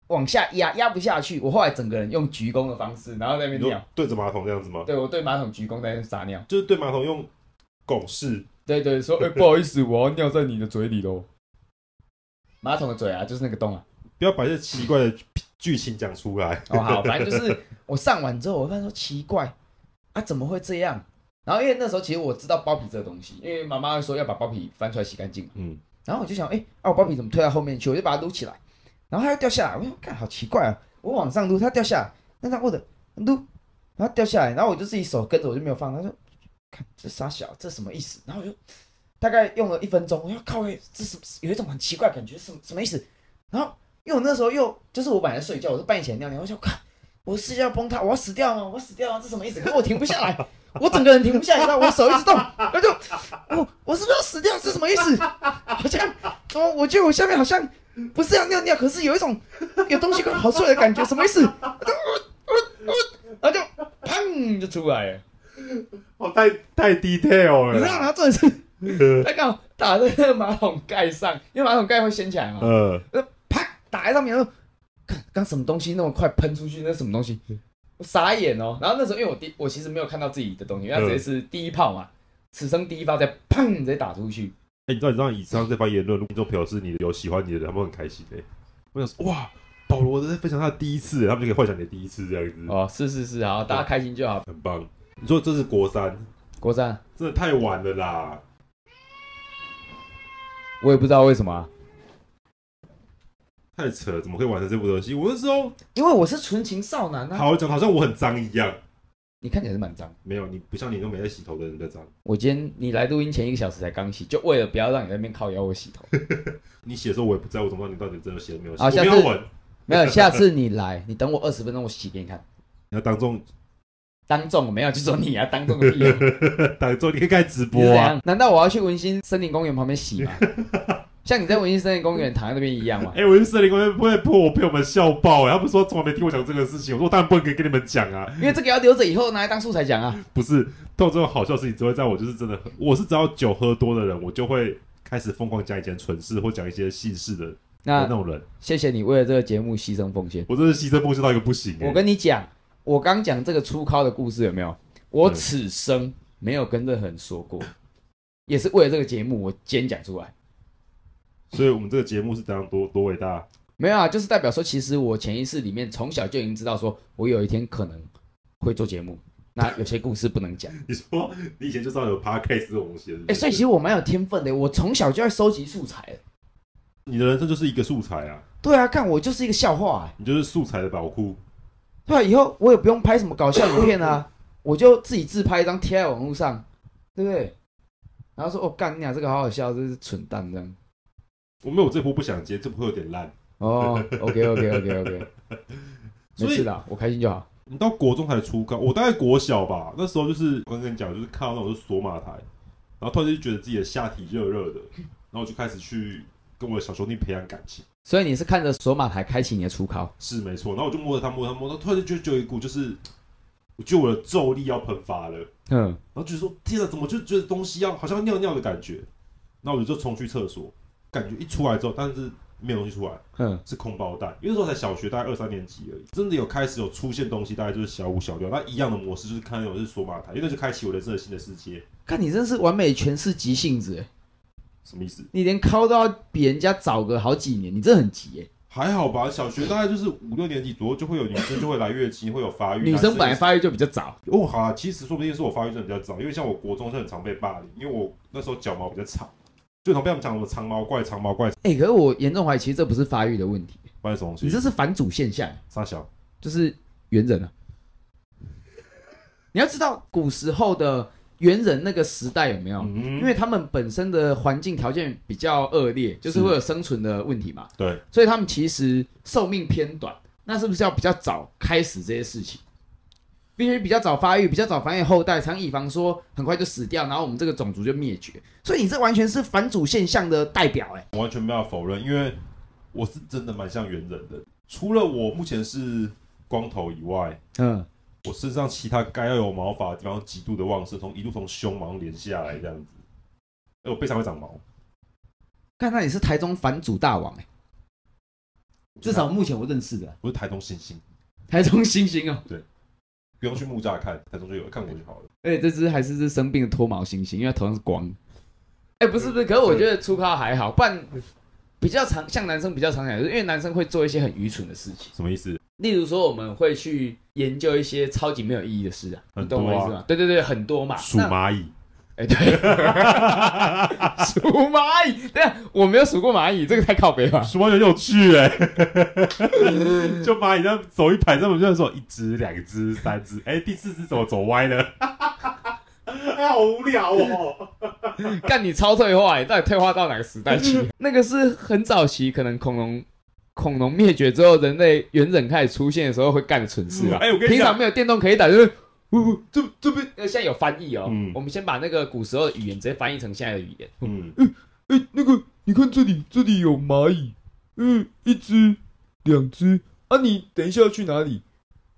往下壓，壓不下去，我後來整個人用鞠躬的方式，然後在那邊尿，對着馬桶這樣子嗎？對，我對馬桶鞠躬在那撒尿，就是對馬桶用。狗屎！對，對對，說哎、欸，不好意思，我要尿在你的嘴裡嘍。 馬桶的嘴啊，就是那個洞啊。不要把這奇怪的劇情講出來。不、 哦、好，反正就是我上完之後，我跟他說奇怪啊，怎麼會這樣？然後因為那時候其實我知道包皮這個東西，因為媽媽說要把包皮翻出來洗乾淨。嗯，然後我就想，哎、欸，啊，我包皮怎麼推到後面去？我就把它擼起來，然後它又掉下來。我說，看，好奇怪啊！我往上擼，它掉下來；那然後的擼，它掉下來。然後我就自己手跟着，我就沒有放。他說。看這啥小？這什麼意思？然後我就大概用了一分鐘，我要靠，這是有一種很奇怪感覺，什麼什麼意思？然後因為我那時候又就是我本來睡覺，我是半夜起來尿尿，我想，我世界要崩塌，我要死掉了嗎？我要死掉了嗎？這什麼意思？可是我停不下來， 我整個人停不下來， 然後我手一直動，我 後就，哦， 我是不是要死掉？ 這什麼意思？好像，哦，我覺得我下面好像不是要尿尿，可是有一種有東西快跑出來的感覺， 什麼意思？然後就，、呃呃呃、然後就砰就出來了。哦、太太 detail 了，你知道嗎？真的是他剛好打在那個馬桶蓋上，因為馬桶蓋會掀起來嘛。嗯，啪打在上面，然後剛什麼東西那麼快噴出去，那什麼東西？我傻眼哦、喔。然後那時候因為我第我其實沒有看到自己的東西，因為他這是第一炮嘛，此生第一發再砰直接打出去。哎、欸，你知道你知道以上這番言論，聽眾朋友是你，你有喜歡你的人，他們很開心哎。我想說哇，保羅這是分享他的第一次，他們就可以幻想你的第一次這樣子。哦，是是是，好，大家開心就好，很棒。你說這是國三，國三真的太晚了啦！我也不知道為什麼啊，太扯了，怎麼會玩成這部遊戲？我是說，因為我是純情少男啊。好像，好像我很髒一樣，你看起來是蠻髒，沒有你不像你那種沒在洗頭的人在髒。我今天你來錄音前一個小時才剛洗，就為了不要讓你在那邊靠腰我洗頭。 你洗的時候我也不在，我怎麼知道你到底真的洗了沒有洗？啊，下次沒有,沒有，下次你來， 你等我二十分鐘，我洗給你看。你要當眾？當眾，我沒有去說你啊！當眾的屁， 當眾你可以開直播啊？難道我要去文心森林公園旁邊洗嗎？ 像你在文心森林公園躺在那邊一樣嗎？哎、欸，文心森林公園不會破，被我們笑爆啊、欸。他不說從來沒聽我講這個事情，我說我當然不能跟，跟你們講啊，因為這個要留着以後拿來當素材講啊。 不是，到這種好笑的事情只會在我就是真的，我是只要酒喝多的人，我就會開始瘋狂講以前蠢事或講一些細事的那那種人。謝謝你為了這個節目犧牲奉獻，我真的犧牲奉獻到一個不行、欸。我跟你講。我剛講這個初考的故事有沒有？我此生沒有跟任何人說過、嗯，也是為了這個節目，我今天講出來。所以我們這個節目是怎樣多多偉大？沒有啊，就是代表說，其實我潛意識裡面從小就已經知道說，說我有一天可能會做節目。那有些故事不能講。 你說你以前就知道有 podcast 這種東西的、欸、所以其實我蠻有天分的，我從小就在收集素材。你的人生就是一個素材啊。對啊，看我就是一個笑話、啊。你就是素材的寶庫。對，以後我也不用拍什麼搞笑影片啊，我就自己自拍一張貼在網絡上，對不對？然後說：“我、哦、幹你娘、啊，這個好好笑，真是蠢蛋這樣。”我沒有我這波不想接，這波有點爛哦。OK OK OK OK，沒事的，我開心就好。你到國中才初高，我大概國小吧，那時候就是我剛跟你講，就是看到那種是鎖碼台，然後突然就覺得自己的下體熱熱的，然後我就開始去跟我的小兄弟培養感情。所以你是看着索馬台開啟你的初考？是沒錯。然後我就摸着它，摸着它，摸着，突然就就有一股就是，我覺得我的咒力要噴發了，嗯。然後就說天啊，怎麼就覺得東西要好像尿尿的感覺？然後我就衝去廁所，感覺一出來之後，但是沒有東西出來，嗯，是空包蛋。因為那時候我才小學，大概二三年級而已，真的有開始有出現東西，大概就是小五小六，那一樣的模式，就是看有種索馬台，一個就是開啟我的真心的世界。看你真的是完美，詮釋急性子。什麼意思？你連靠都要比人家早個好幾年，你這很急誒、欸，還好吧，小學大概就是五六年級左右就會有女生就會來月經， 會有發育。女生本來發育就比較早。 哦，好啊，其實說不定是我發育真的比較早，因為像我國中就很常被霸凌，因為我那時候腳毛比較長，就常被我們講什麼長毛怪、長毛怪。誒、欸，可是我嚴重懷疑，其實這不是發育的問題。發育什麼問題？你這是返祖現象。傻小，就是猿人啊！你要知道，古時候的。猿人那個時代有沒有？嗯、因為他們本身的環境條件比較惡劣，就是會有生存的問題嘛。對，所以他們其實壽命偏短。那是不是要比較早開始這些事情，必須比較早發育，比較早繁衍後代，才能以防說很快就死掉，然後我們這個種族就滅絕。所以你這完全是反祖現象的代表、欸，哎，完全沒法否認。因為我是真的蠻像猿人的，除了我目前是光頭以外，嗯。我身上其他該要有毛髮的地方，極度的旺盛，從一路從胸毛連下來這樣子。哎，我背上會長毛。看，看，那你是台中返祖大王、欸、至少目前我認識的，不是台中猩猩，台中猩猩哦。對，不用去木柵看，台中就有看過就好了、欸。哎，這隻還是，是生病的脫毛猩猩，因為頭上是光。哎、欸，不是不是，可是我覺得粗尻還好半。不然比較常像男生比較常講，就是因為男生會做一些很愚蠢的事情。什麼意思？例如說，我們會去研究一些超級沒有意義的事啊，很多啊。你懂我意思嗎對對對，很多嘛。數螞蟻，哎、欸，對，數 螞蟻。對，我沒有數過螞蟻，這個太靠北了。數螞蟻有趣哎、欸， 就螞蟻這樣走一排，這麼就是說一只、兩只、三只？哎、欸，第四只怎麼走歪呢？ 好無聊哦！ 幹你超退化、欸，到底退化到哪個時代去、嗯？那個是很早期，可能恐龍恐龍滅絕之後，人類猿人開始出現的時候會幹的蠢事啊！哎、嗯欸，我跟你講平常沒有電動可以打，就是、嗯嗯、這這邊現在有翻譯哦、喔嗯。我們先把那個古時候的語言直接翻譯成現在的語言。嗯哎、嗯欸欸，那個你看這裡這裡有螞蟻，嗯，一隻、兩隻。啊，你等一下要去哪裡？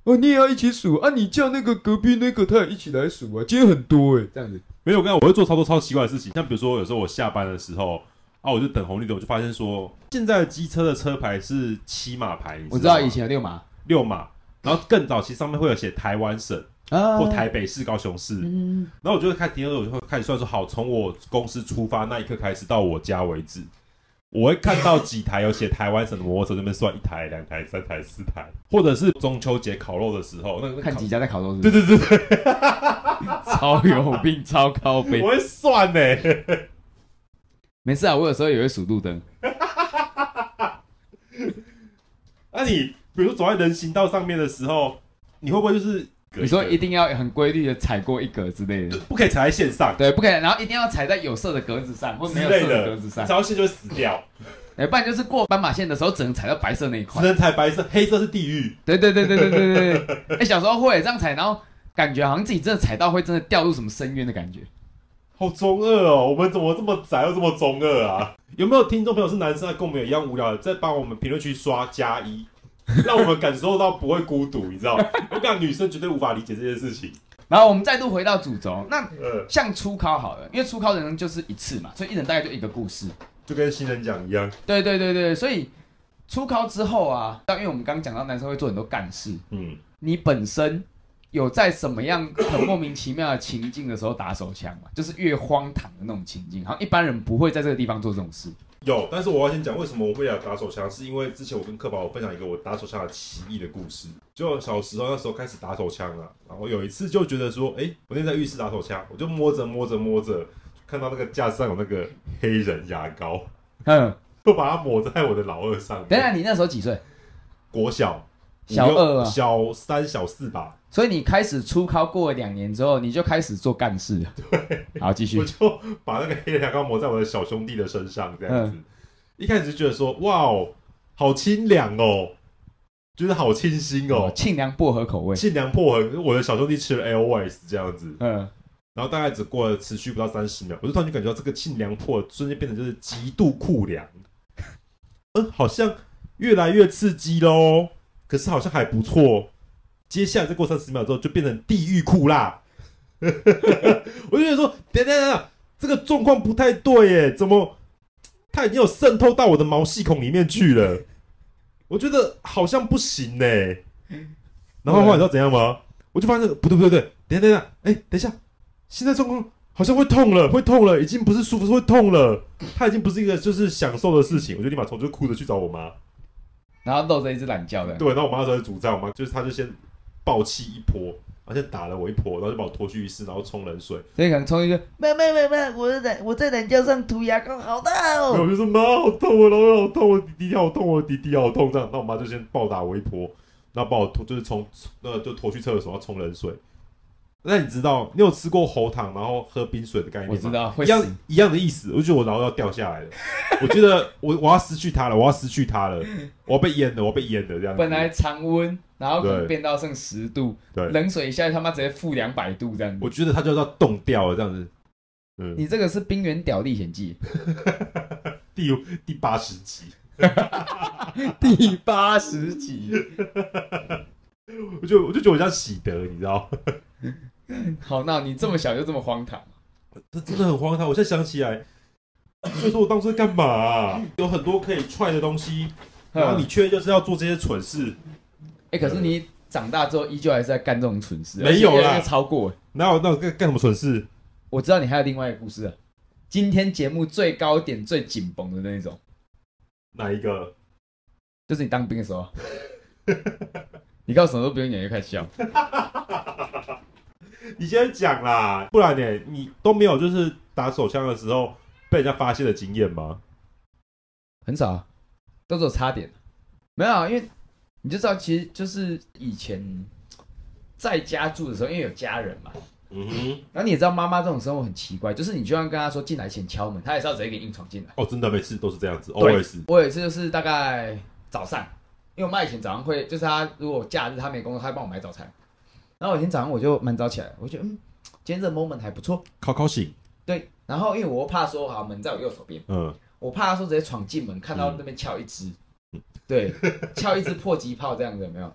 哦，你也要一起數啊！你叫那個隔壁那個，他也一起來數啊！今天很多誒、欸、這樣子。沒有，我剛我會做超多超奇怪的事情，像比如說有時候我下班的時候啊，我就等紅綠燈，我就發現說現在的機車的車牌是七碼牌，我知道以前六碼六碼，然後更早期上面會有寫台灣省啊，或台北市高雄市，嗯，然後我就會看第二個我就會開始算說，好，從我公司出發那一刻開始到我家為止。我會看到幾台有寫台灣省的摩托車那邊算一台、兩台、三台、四台，或者是中秋節烤肉的時候，那，那看幾家在烤肉是不是？對對對對， 超有病，超高杯。我會算呢。欸，沒事啊，我有時候也會數路燈。那、 啊、你比如說走在人行道上面的時候，你會不會就是？你說一定要很規律的踩過一格之類的，不可以踩在線上，對，不可以。然後一定要踩在有色的格子上，或沒有色的格子上，踩到線就會死掉。哎、欸，不然就是過斑馬線的時候只能踩到白色那一塊，只能踩白色，黑色是地獄。對對對對對對對。哎、 欸，小時候會這樣踩，然後感覺好像自己真的踩到會真的掉入什麼深淵的感覺。好中二哦，我們怎麼這麼宅又這麼中二啊？ 有沒有聽眾朋友是男生，跟我們有一樣無聊的，在幫我們評論區刷加一。 讓我們感受到不會孤獨，你知道嗎？我感覺女生絕對無法理解這件事情。然後我們再度回到主軸，那、呃、像初考好了，因為初考的人生就是一次嘛，所以一人大概就一個故事，就跟新人講一樣。對對對對，所以初考之後啊，但因為我們剛剛講到男生會做很多幹事，嗯，你本身有在什麼樣很莫名其妙的情境的時候打手槍嘛？就是越荒唐的那種情境，然後一般人不會在這個地方做這種事。有，但是我要先講為什麼我會來打手槍，是因為之前我跟克寶我分享一個我打手槍的奇異的故事。就小時候那時候開始打手槍了，然後有一次就覺得說，哎，我那天在浴室打手槍，我就摸着摸着摸着，看到那個架子上有那個黑人牙膏，嗯，就把它抹在我的老二上。等一下，你那時候幾歲？國小小二、啊、小三、小四吧。所以你開始初靠過了兩年之後，你就開始做幹事了。對，好繼續。我就把那個黑人牙膏抹在我的小兄弟的身上，這樣子，嗯。一開始就覺得說，哇哦，好清涼哦，覺、就、得、是、好清新哦。哦清涼薄荷口味。清涼薄荷，我的小兄弟吃了 L ice 這樣子。嗯。然後大概只過了持續不到三十秒，我就突然就感覺到這個清涼薄荷瞬間變成就是極度酷涼。嗯，好像越來越刺激嘍。可是好像還不錯。接下來再過三十秒之後，就變成地獄哭啦！ 我就想說，等、等、等，這個狀況不太對耶，怎麼它已經有滲透到我的毛細孔裡面去了？我覺得好像不行呢。 然後後來你知道怎樣嗎？ 我就發現不對、不對、不對，等、等、等，哎，等一下，現在狀況好像會痛了，會痛了，已經不是舒服，是會痛了。 它已經不是一個就是享受的事情，我就立馬從就哭着去找我媽，然後漏着一只懶覺的。對，然後我媽就在煮菜，我媽就是她就先，爆氣一波，好、啊、像打了我一波，然後就把我拖去浴室，然後沖冷水。所以敢沖一個，沒有沒有沒有，我在我在懶叫上塗牙膏，好大的、哦。我就說媽，好痛啊，老好痛，啊好，痛啊好，痛啊好痛，哦，弟弟好痛，哦，弟弟好痛這樣。那我媽就先暴打我一波，然後把我拖，就是沖，那、呃、就拖去廁所，然後沖冷水。那你知道，你有吃過喉糖，然後喝冰水的概念嗎？我知道，會一樣一樣的意思。我覺得我腦要掉下來了， 我覺得我我要失去它了，我要失去它了，我要被淹了，我，要被，淹了，我要被淹了這樣。本來常溫，然後可能變到剩十度對，冷水一下，他媽直接負兩百度這樣子。我覺得它就要凍掉了這樣子。嗯，你這個是《冰原屌歷險記》 第第八十集， 第八十集。 我就我就覺得我像喜德，你知道。 好，那你這麼小就這麼荒唐，嗯，這真的很荒唐。我現在想起來，啊、所以說我當時在幹嘛，啊？有很多可以踹的東西，然後你卻就是要做這些蠢事。哎、 欸，可是你長大之後依舊還是在幹這種蠢事，呃、沒有啦，超過哪有。那我那我幹什麼蠢事？ 我知道你還有另外一個故事，啊，今天節目最高點最緊繃的那種，哪一個？就是你當兵的時候， 你告訴我什麼都不用演，就開始笑。 你先講啦，不然你、欸、你都沒有就是打手槍的時候被人家發現的經驗嗎？很少、啊，都是差點，沒有啊。因為你就知道，其實就是以前在家住的時候，因為有家人嘛。嗯哼。然後你也知道，媽媽這種生活很奇怪，就是你就算跟她說進來前敲門，她也是要直接給你硬闖進來。哦，真的沒事，每次都是這樣子。哦我也是。我也是，就是大概早上，因為我媽以前早上會，就是她如果假日她沒工作，她會幫我買早餐。然後有一天早上我就蠻早起來，我覺得嗯，今天這 moment 還不錯，靠靠醒。對，然後因為我又怕說好，門在我右手邊，嗯，我怕說直接闖進門看到那邊翹一隻，嗯、對，翹一隻迫擊炮這樣子， 這樣子有沒有？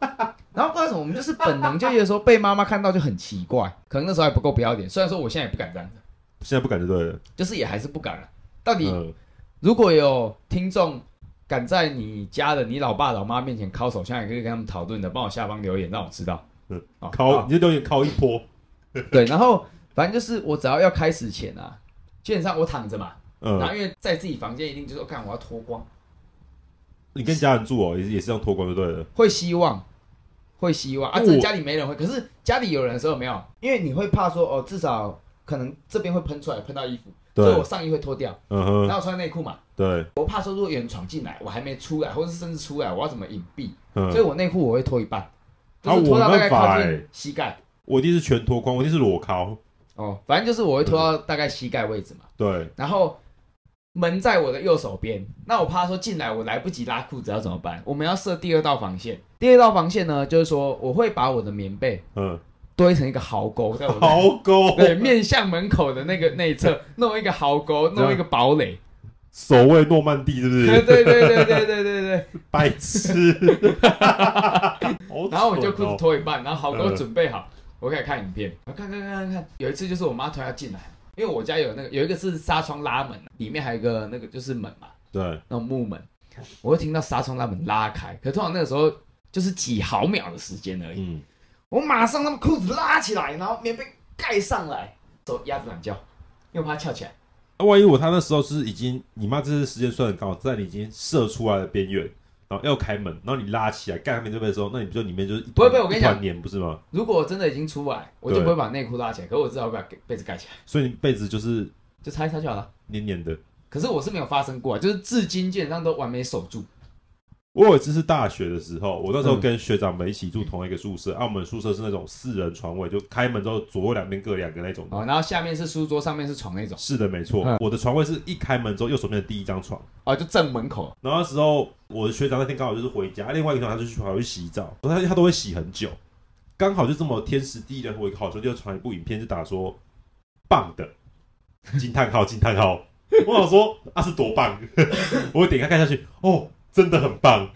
然後不知道什麼，我們就是本能就覺得說，被媽媽看到就很奇怪，可能那時候還不夠不要臉，雖然說我現在也不敢這樣，現在不敢就對了，就是也還是不敢了、啊。到底、嗯、如果有聽眾敢在你家的你老爸老媽面前靠手，現在可以跟他們討論的，幫我下方留言讓我知道。嗯，尻、哦，你就等於尻一波，對， 然後反正就是我只要要開始前啊，基本上我躺着嘛，嗯，然後因為在自己房間一定就是說看、哦、我要脫光，你跟家人住哦，也也是這樣脫光就對了。會希望，會希望啊，這家裡沒人會，可是家裡有人的時候沒有，因為你會怕說哦，至少可能這邊會噴出來，噴到衣服對，所以我上衣會脫掉，嗯然後穿內褲嘛對，對，我怕說如果有人闖進來，我還沒出來，或者甚至出來，我要怎麼隱蔽、嗯，所以我內褲我會脫一半。然後啊，我大概靠近膝蓋、啊。我弟是全脫光，我弟是裸尻。哦，反正就是我會拖到大概膝蓋位置嘛、嗯。對。然後門在我的右手邊，那我怕他說進來我來不及拉褲子要怎麼辦？我們要設第二道防線。第二道防線呢，就是說我會把我的棉被嗯堆成一個壕溝，在我壕溝對面向門口的那個內側弄一個壕溝，弄一個堡壘。守衛諾曼第，是不是？ 對對對對對對對，白痴。 哦、然後我就褲子脫一半，然後好給我準備好，嗯、我可以看影片。看看看看看，有一次就是我媽突然要進來，因為我家有那個有一個是紗窗拉門，裡面還有一個那個就是門嘛，對，那種木門，我會聽到紗窗拉門拉開，可是通常那個時候就是幾毫秒的時間而已。嗯、我馬上他媽褲子拉起來，然後棉被蓋上來，手壓着懶叫，又怕翹起來。那、啊、萬一我他那時候是已經，你媽這些時間算很高，在你已經射出來的邊緣，然後要開門，然後你拉起來蓋上面這邊的時候，那你不就裡面就是不會，被我跟你講很黏不是嗎？如果真的已經出不來，我就不會把內褲拉起來，可是我至少會把被子蓋起來。所以你被子就是就擦一擦就好了，黏黏的。可是我是沒有發生過，就是至今基本上都完美守住。我有一次是大學的時候，我那時候跟學長們一起住同一個宿舍。我、嗯、們、啊、宿舍是那種四人床位，就開門之後左右兩邊各兩個那種、哦。然後下面是書桌，上面是床那種。是的，沒錯、嗯。我的床位是一開門之後右手邊的第一張床。哦，就正門口。然後那時候我的學長那天剛好就是回家，另外一個他就去好去洗澡，他他都會洗很久。剛好就這麼天時地利，我一個好兄弟傳一部影片，就打說棒的，驚嘆號驚嘆號。號 我想說那、啊、是多棒！我會點開看下去，哦。真的很棒，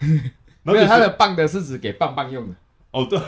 而且它的棒的是指給棒棒用的。哦，對，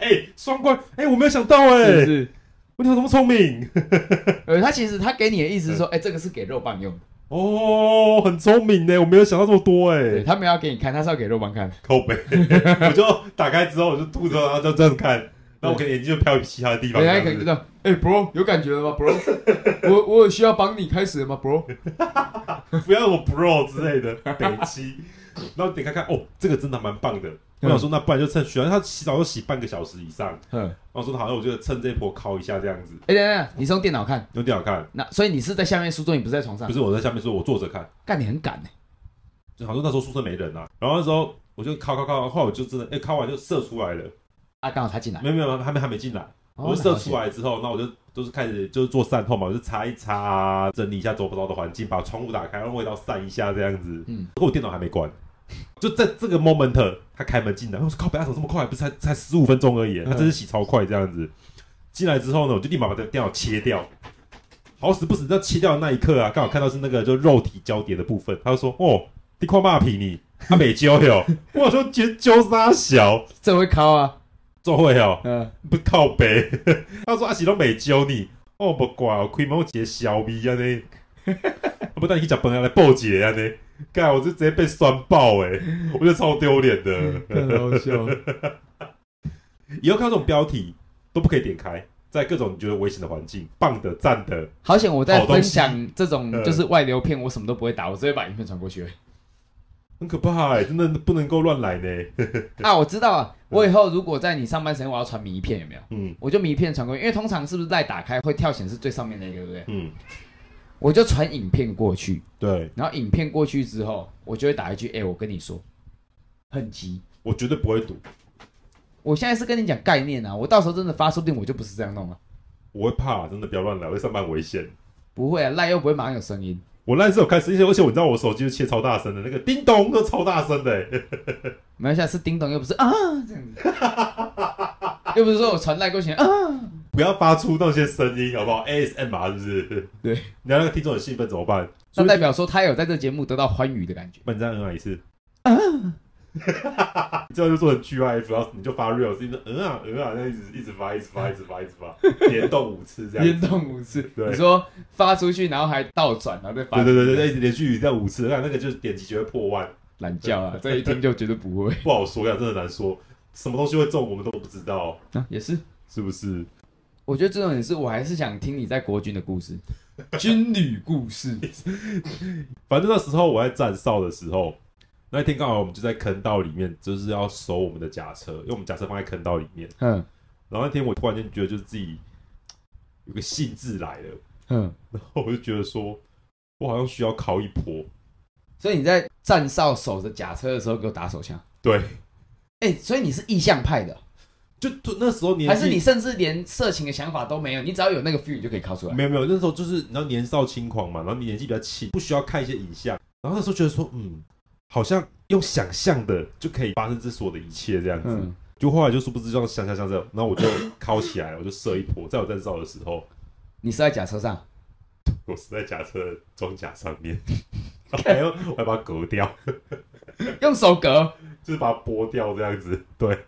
哎、 欸，雙關，哎、欸，我沒有想到、欸，哎，我怎麼這麼聰明。 呃，他其實他給你的意思是說，哎、欸欸，這個是給肉棒用的。哦，很聰明呢、欸，我沒有想到這麼多、欸，哎，他沒有要給你看，他是要給肉棒看。靠北， 我就打開之後我就吐出來，然後就這樣子看。那、okay. 我可能眼睛就飄到其他的地方。等下可以知道。哎、欸，bro，有感覺了嗎，bro？ 我我需要幫你開始了嗎，bro？ 不要我 bro 之類的，北七。 然後點開看，看，哦，這個真的蠻棒的。 我想說，那不然就趁許安他洗澡，都洗半個小時以上。嗯。我說好，那我就趁這一波敲一下這樣子。哎、 欸，等等，你是用電腦看？用電腦看。那所以你是在下面書桌，你不是在床上？不是，我在下面書，我坐着看。 幹你很敢哎、欸！就好說那時候宿舍沒人啊，然後那時候我就敲敲敲，後來我就真的，哎、欸，敲完就射出來了。剛、啊、好才進來，沒有沒有，還沒還沒進來。哦、我射出來之後，那我就都、就是開始就是做善後嘛，我就擦一擦，整理一下找不到的環境，把窗戶打開讓味道散一下這樣子。嗯，不過我電腦還沒關，就在這個 moment，他開門進來，我說靠，不要走這麼快，不是才才十五分鐘而已、嗯，他真是洗超快這樣子。進來之後呢，我就立馬把這電腦切掉。好死不死，在切掉的那一刻啊，剛好看到是那個就肉體交疊的部分，他就說：“哦，你狂罵皮你，他沒交喲。 ”我說：“真交沙小，怎麼會靠啊？”做會、嗯 啊、哦，不靠北。他說阿喜都沒救你，我小米 不管，開門我直接消滅安尼。不帶你去吃飯來抱姐安尼，看我就直接被酸爆哎！我覺得超丟臉的，太、嗯、好笑。以後看到這種標題都不可以點開，在各種你覺得危險的環境，棒的、讚的。好險我在分享，分享這種就是外流片、嗯，我什麼都不會打，我直接把影片傳過去。很可怕哎、欸，真的不能夠亂來呢。 啊，我知道啊，我以後如果在你上班時間，我要傳謎片，有沒有？嗯。我就謎片傳過去，因為通常是不是賴打開會跳顯示最上面那個，對不對？嗯。我就傳影片過去。對。然後影片過去之後，我就會打一句：“哎、欸，我跟你說，很急。”我絕對不會賭。我現在是跟你講概念啊，我到時候真的發說不定我就不是這樣弄了。我會怕，真的不要亂來，我會上班危險。不會啊，賴又不會馬上有聲音。我那時候開始，而且而且你知道，我手機是切超大聲的那個叮咚，都超大聲的呵呵。沒關係，啊、是叮咚，又不是啊，這樣子， 又不是說我傳來過前啊，不要發出那些聲音，好不好？ASM 啊，ASMR，是不是？對，你要讓聽眾很興奮怎麼辦？代表說他有在這節目得到歡愉的感覺。問這很好意一次？啊哈哈哈哈哈！這樣就做成 GIF，然後你就發 real，是因為嗯啊嗯啊，那一直一直發，一直發，一直發，一直發，連動五次這樣。連 動五次，對你說發出去，然後還倒轉，然後再發，對對對對，那一直連續在五次，那那個就點擊就會破萬，懶叫啊！這一聽就絕對不會， 不好說，呀，真的難說，什麼東西會中，我們都不知道、啊。也是，是不是？我覺得這種也是，我還是想聽你在國軍的故事， 軍旅故事。 反正那時候我在站哨的時候。那天剛好我們就在坑道裡面，就是要守我們的假車，因為我們假車放在坑道裡面。嗯，然後那天我突然間覺得，就是自己有個興致來了。嗯，然後我就覺得說，我好像需要靠一波。所以你在站哨守着假車的時候，給我打手槍。對。哎、欸，所以你是意向派的就，就那時候你還是你，甚至連色情的想法都沒有。你只要有那個 feel，你就可以靠出來。沒有沒有，那時候就是你知道年少輕狂嘛，然後你年紀比較輕，不需要看一些影像。然後那時候覺得說，嗯。好像用想象的就可以發生這所有的一切這樣子，嗯、就後來就殊不知這樣想象象這樣，然後我就尻起來，我就射一炮，在我站哨的時候，你射在甲車上，我射在甲車裝甲上面， 還要我還把它割掉，用手割，就是把它剝掉這樣子，對，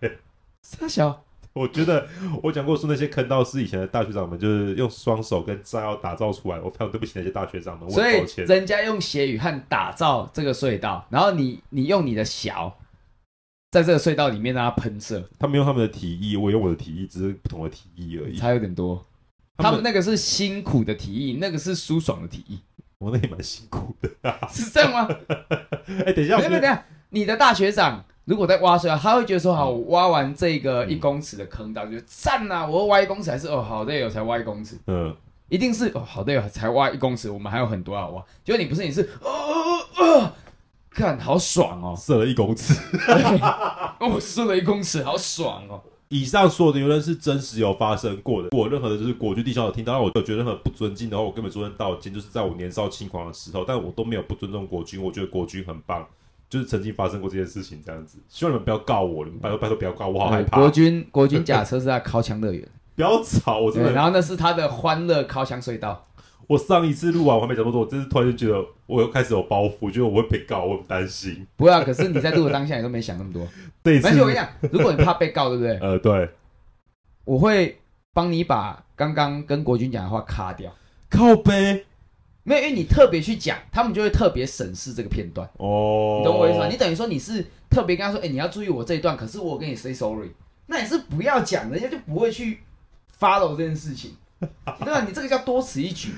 三小。我覺得我講過說那些坑道是以前的大學長們就是用雙手跟炸藥打造出來，我非常對不起那些大學長們。我所以人家用血與汗打造這個隧道，然後你你用你的小在這個隧道裡面讓它噴射。他們用他們的體液，我用我的體液，只是不同的體液而已。差有點多，他們，他們那個是辛苦的體液，那個是舒爽的體液。我那也蠻辛苦的。啊，是這樣嗎？哎、 欸，等一下，等一下，等一下，你的大學長。如果在挖水、啊，道，他會覺得說：“好、嗯，啊、挖完這個一公尺的坑道，嗯、就得讚吶！我挖一公尺還是哦，好累哦，才挖一公尺，嗯，一定是哦，好累哦，才挖一公尺，我們還有很多好、啊、挖。”結果你不是你是哦，看、啊啊啊、好爽哦，射了一公尺，我、嗯 哦、射了一公尺，好爽哦。以上說的無論是真實有發生過的，如果任何的就是國軍弟兄有聽到，但我有覺得任何不尊敬的話，我根本昨天道歉，就是在我年少輕狂的時候，但我都沒有不尊重國軍，我覺得國軍很棒。就是曾經發生過這件事情這樣子，希望你們不要告我，你們拜托拜托不要告我，我好害怕。嗯、國軍國軍甲車是在靠牆樂園， 不要吵，我真的。然後那是他的歡樂靠牆隧道。我上一次錄完我還沒想那麼多，我這次突然就覺得我又開始有包袱，我覺得我會被告，我很擔心。不會、啊，可是你在錄的當下你都沒想那麼多。 對，而且我跟你講，如果你怕被告，對不對？呃，對。我會幫你把剛剛跟國軍講的話卡掉。靠北。沒有，因為你特別去講，他們就會特別審視這個片段。哦，你懂我意思嗎？你等於說你是特別跟他說，哎、欸，你要注意我這一段。可是我跟你 say sorry，那你是不要講，人家就不會去 follow 這件事情，對吧？你這個叫多此一舉。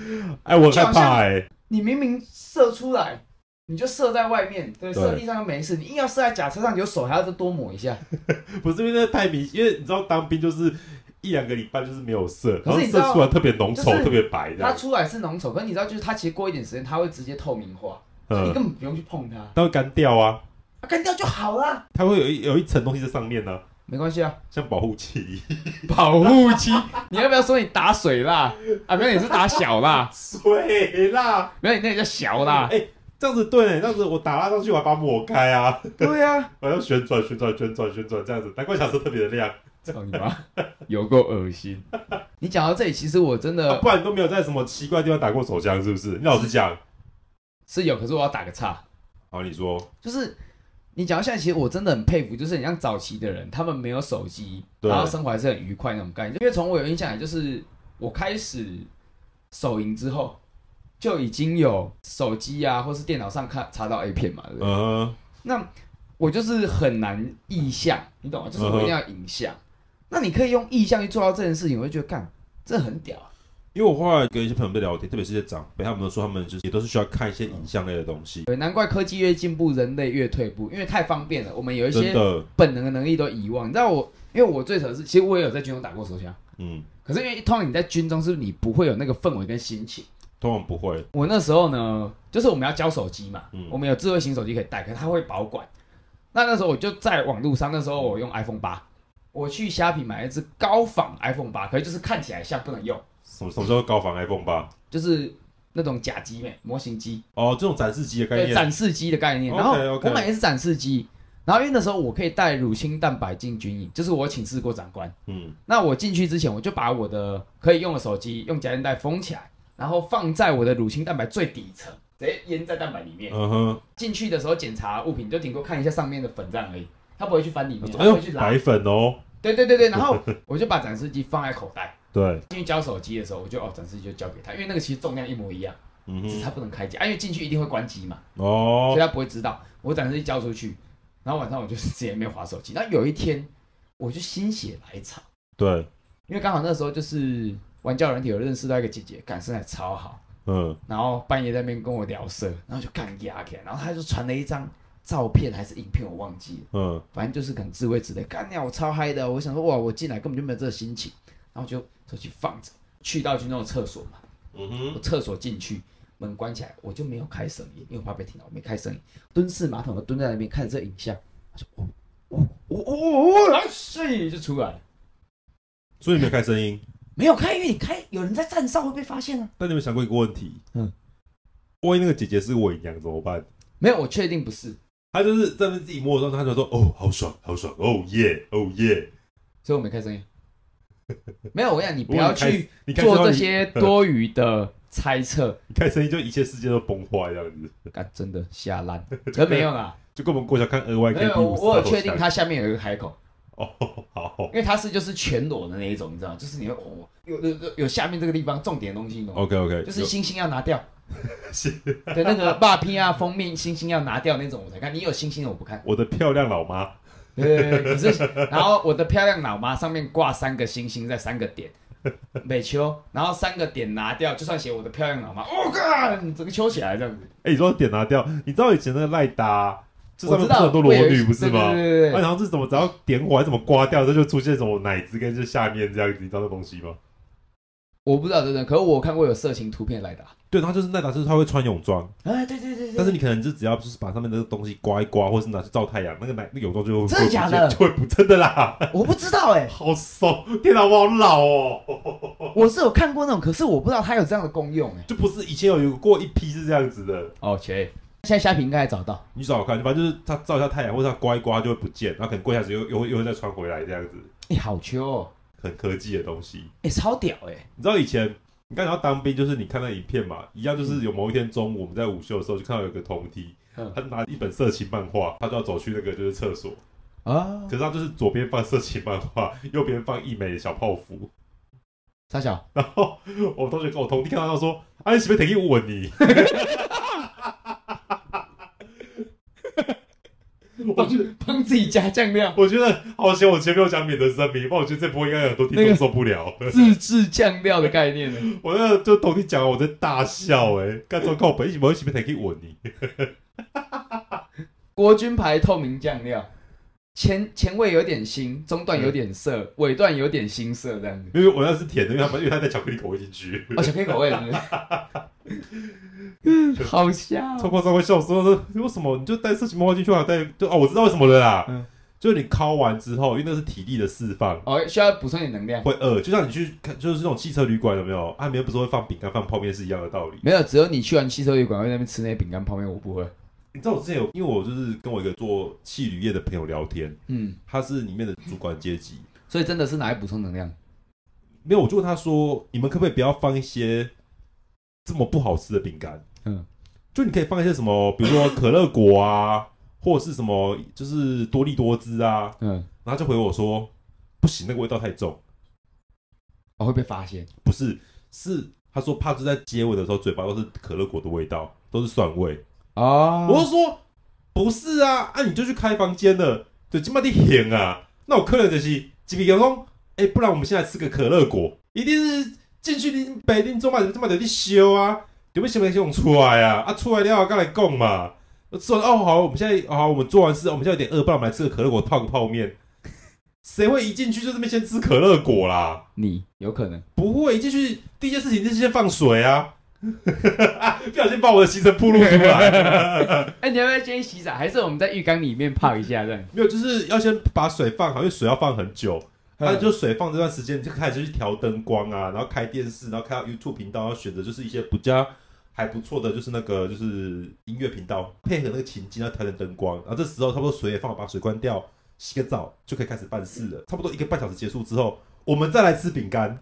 哎、欸，我害怕、欸你。你明明射出來，你就射在外面，對，射地上又沒事，你硬要射在甲車上，你有手還要再多抹一下。我這個太明，因為你知道當兵就是。一兩個禮拜就是沒有色，可是你然後射出來特別濃稠，就是、特別白的。它出來是濃稠，可是你知道，就是它其實過一點時間，它會直接透明化，嗯、所以你根本不用去碰它。它會乾掉啊，啊乾掉就好啦、啊、它會有一有一層東西在上面呢、啊，沒關係啊，像保護漆。保護漆， 你要不要說你打水蠟 啊？沒有，你是打小蠟， 水蠟，沒、啊、你那裡叫小蠟。哎、嗯欸，這樣子對，這樣子我打蠟上去，我還把它抹開啊。對呀、啊， 我要旋轉旋轉旋轉旋轉這樣子，難怪小時候特別的亮。操 你媽，有夠噁心！你講到這裡，其實我真的、啊、不然你都沒有在什麼奇怪的地方打過手槍，是不是？你老實講，是有，可是我要打個岔。好、啊，你說，就是你講到現在，其實我真的很佩服，就是你像早期的人，他們沒有手機，然後生活還是很愉快那種概念。因為從我有印象，來就是我開始手淫之後，就已經有手機啊，或是電腦上看查到 A 片嘛，對不對，嗯、那我就是很難意象，你懂嗎、啊？就是我一定要影像。嗯那你可以用意象去做到這件事情，我會覺得幹，這很屌、啊。因為我後來跟一些朋友在聊天，特別是些長輩，他們都說他們就是也都是需要看一些影像類的東西、嗯對。難怪科技越進步，人類越退步，因為太方便了，我們有一些本能的能力都遺忘。你知道我，因為我最慘是，其實我也有在軍中打過手槍，嗯，可是因為通常你在軍中，是不是你不會有那個氛圍跟心情？通常不會。我那時候呢，就是我們要交手機嘛，嗯、我們有智慧型手機可以帶，可是他會保管。那那時候我就在網絡上，那時候我用 iPhone 八。我去蝦皮買了一支高仿 iPhone 八，可是就是看起來像不能用什麼。什麼叫高仿 iPhone 八？就是那種假機面、模型機。哦、oh,，這種展示機的概念。展示機的概念。Okay, okay. 然後我買的是展示機，然後因為那時候我可以帶乳清蛋白進軍營，就是我請示過長官。嗯。那我進去之前，我就把我的可以用的手機用夾鏈袋封起來，然後放在我的乳清蛋白最底層，直接淹在蛋白裡面。嗯哼。進去的時候檢查物品，就頂多看一下上面的粉狀而已。他不會去翻裡面，不、哎、會去拿粉哦。對對對對，然後我就把展示機放在口袋。對，進去交手機的時候，我就哦，展示機就交給他，因為那個其實重量一模一樣，嗯、只是他不能開機啊，因為進去一定會關機嘛。哦、嗯，所以他不會知道我展示機交出去，然後晚上我就是直接沒有滑手機。那有一天我就心血來潮，對，因為剛好那時候就是玩交友軟體，有認識到一個姐姐，感受還超好，嗯，然後半夜在那邊跟我聊色，然後就干壓開，然後他就傳了一張。照片還是影片，我忘記了。嗯，反正就是很自慰之類。幹娘，我超嗨的。我想說，哇，我進來根本就沒有這個心情。然後就手機放着，去到去那種廁所嘛。嗯哼。我廁所進去，門關起來，我就沒有開聲音，因為我怕被聽到，我沒開聲音。蹲式馬桶，我蹲在那邊看着這影像。我說，我我我我我來，所以就出來了。所以你沒有開聲音？ 沒有開，因為你開，有人在站哨會被發現啊。但你有沒有想過一個問題？嗯。萬一那個姐姐是偽娘怎,、嗯、怎麼辦？沒有，我確定不是。他就是在自己摸的時候，他就說：“哦，好爽，好爽，哦耶，哦耶、yeah, oh, yeah。所以我沒開聲音。 沒有。我跟你講，你不要去做這些多餘的猜測。你開聲音就一切世界都崩壞，這樣子。啊、真的瞎爛，真 沒用啊！就跟我們過看額外一個我有確定它下面有一個開口。哦，好，因為它是就是全裸的那一種，你知道嗎？就是你會、哦、有有有下面這個地方重點的東西嗎？OK OK，就是星星要拿掉。是， 對那個霸屏啊，封面星星要拿掉那種我才看。你有星星的我不看。我的漂亮老媽，對。可是然後我的漂亮老媽上面掛三個星星，再三個點，美秋。然後三個點拿掉就算寫我的漂亮老媽。哦，靠，整個秋起來這樣子。哎、欸，你說點拿掉，你知道以前那個賴打，這上面很多裸女不是嗎？對對對對。欸？然後是怎麼只要點火，還怎麼刮掉，這就出現什麼奶子跟這下面這樣子，你知道這東西嗎？我不知道真的，可是我看過有色情圖片來打對，他就是那打就是他會穿泳裝。哎、啊，對，對對對。但是你可能就只要就是把上面那個東西刮一刮，或者是拿去照太陽，那個奶泳裝就會，不會不真的假的就會不真的啦。我不知道哎、欸，好騷，電腦我好老哦。 我是有看過那種，可是我不知道它有這樣的功用哎、欸。就不是以前有有過一批是這樣子的哦。切、okay.，現在蝦皮應該還找到。你找我看，反正就是他照一下太陽，或者他刮一刮就會不見，然後可能過一下子又又又會再穿回來這樣子。哎、欸，好球很科技的東西，哎，超屌哎！你知道以前，你剛才要當兵，就是你看那影片嘛，一樣就是有某一天中午我們在午休的時候，就看到有個同梯，他拿一本色情漫畫，他就要走去那個就是廁所啊。可是他就是左邊放色情漫畫，右邊放一枚小泡芙，傻笑。然後我同學跟我同梯看到他說：“安姨，喜不喜歡親我？”你。幫幫自己加醬料，我覺得好險我前面有講，免得生病，不過我覺得這波應該有很多聽眾受不了、那個、自製醬料的概念呢。 我那個就同你講，我在大笑哎、欸，幹脆告白，為什麼一起。麼才可以穩你？ 國軍牌透明醬料前前味有點腥，中段有點色，嗯、尾段有點腥色。這樣子。因為我那是甜的，因為它因為他在巧克力口味進去 哦，巧克力口味。 好像、哦、超誇張會笑，我說說為什麼？你就帶色情漫畫進去，還帶就哦。我知道為什麼了啦，嗯、就是你尻完之後，因為那是體力的釋放，哦，需要補充點能量，會餓、呃。就像你去看，就是這種汽車旅館有沒有、啊？裡面不是會放餅乾、放泡麵，是一樣的道理。沒有，只有你去完汽車旅館，會那邊吃那些餅乾、泡麵，我不會。你知道我之前有，因為我就是跟我一個做汽旅業的朋友聊天，嗯，他是裡面的主管階級， 所以真的是拿來補充能量。沒有，我就問他說，你們可不可以不要放一些？這麼不好吃的餅乾，嗯，就你可以放一些什麼，比如說可樂果啊， 或者是什麼，就是多力多滋啊，嗯，然後他就回我說不行，那個味道太重，我會被發現。不是，是他說怕是在接吻的時候嘴巴都是可樂果的味道，都是酸味啊、哦。我就說不是啊，啊你就去開房間了，就這麼地甜啊，那我客人就些幾個員工，哎、欸，不然我們現在吃個可樂果，一定是。進去你白你做你做嘛就去修啊，對不？先別先出來啊！啊，出來了我再來講嘛。我吃完哦好，我們現在好，哦，我們做完事，我們現在有點餓，不然我們來吃個可樂果泡個泡麵。誰會一進去就這麼先吃可樂果啦？你有可能不會一進去，第一件事情就是先放水啊！ 不小心把我的行程暴露出來。哎 、啊，你要不要先洗澡？還是我們在浴缸裡面泡一下？這樣沒有，就是要先把水放好，因為水要放很久。那就水放這段時間就開始去調燈光啊，然後開電視，然後開到 YouTube 頻道，然後選擇就是一些比較還不錯的，就是那個就是音樂頻道，配合那個情境，要調整燈光。然後這時候差不多水也放，把水關掉，洗個澡就可以開始辦事了。差不多一個半小時結束之後，我們再來吃餅乾。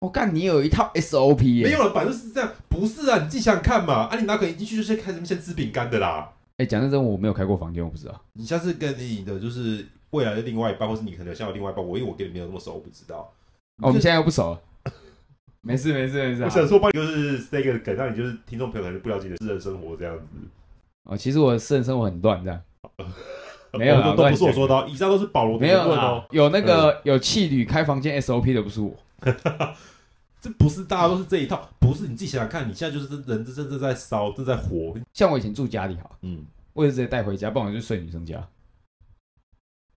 我、哦、幹，你有一套 SOP？沒有了，反正就是這樣。不是啊，你自己想看嘛。啊，你哪可能一進去就先開始先吃餅乾的啦？誒，講認真，我沒有開過房間，我不知道。你下次跟你的就是。未來的另外一半，或是你可能像我另外一半，我因為我跟你沒有那麼熟，我不知道。我們現在又不熟了， 沒事沒事沒事。我想說幫你就是那個，改 善你就是聽眾朋友可能不了解你的私人生活這樣子。哦，其實我的私人生活很亂的，啊、 沒有啦，都都不是我說的。以上都是保羅的亂講、喔、有，有那個 有氣旅開房間 SOP 的不是我， 這不是大家都是這一套，不是你自己想想看，你現在就是人真正，正在燒正在火。像我以前住家裡好了，嗯，我也是直接帶回家，不然我就睡女生家。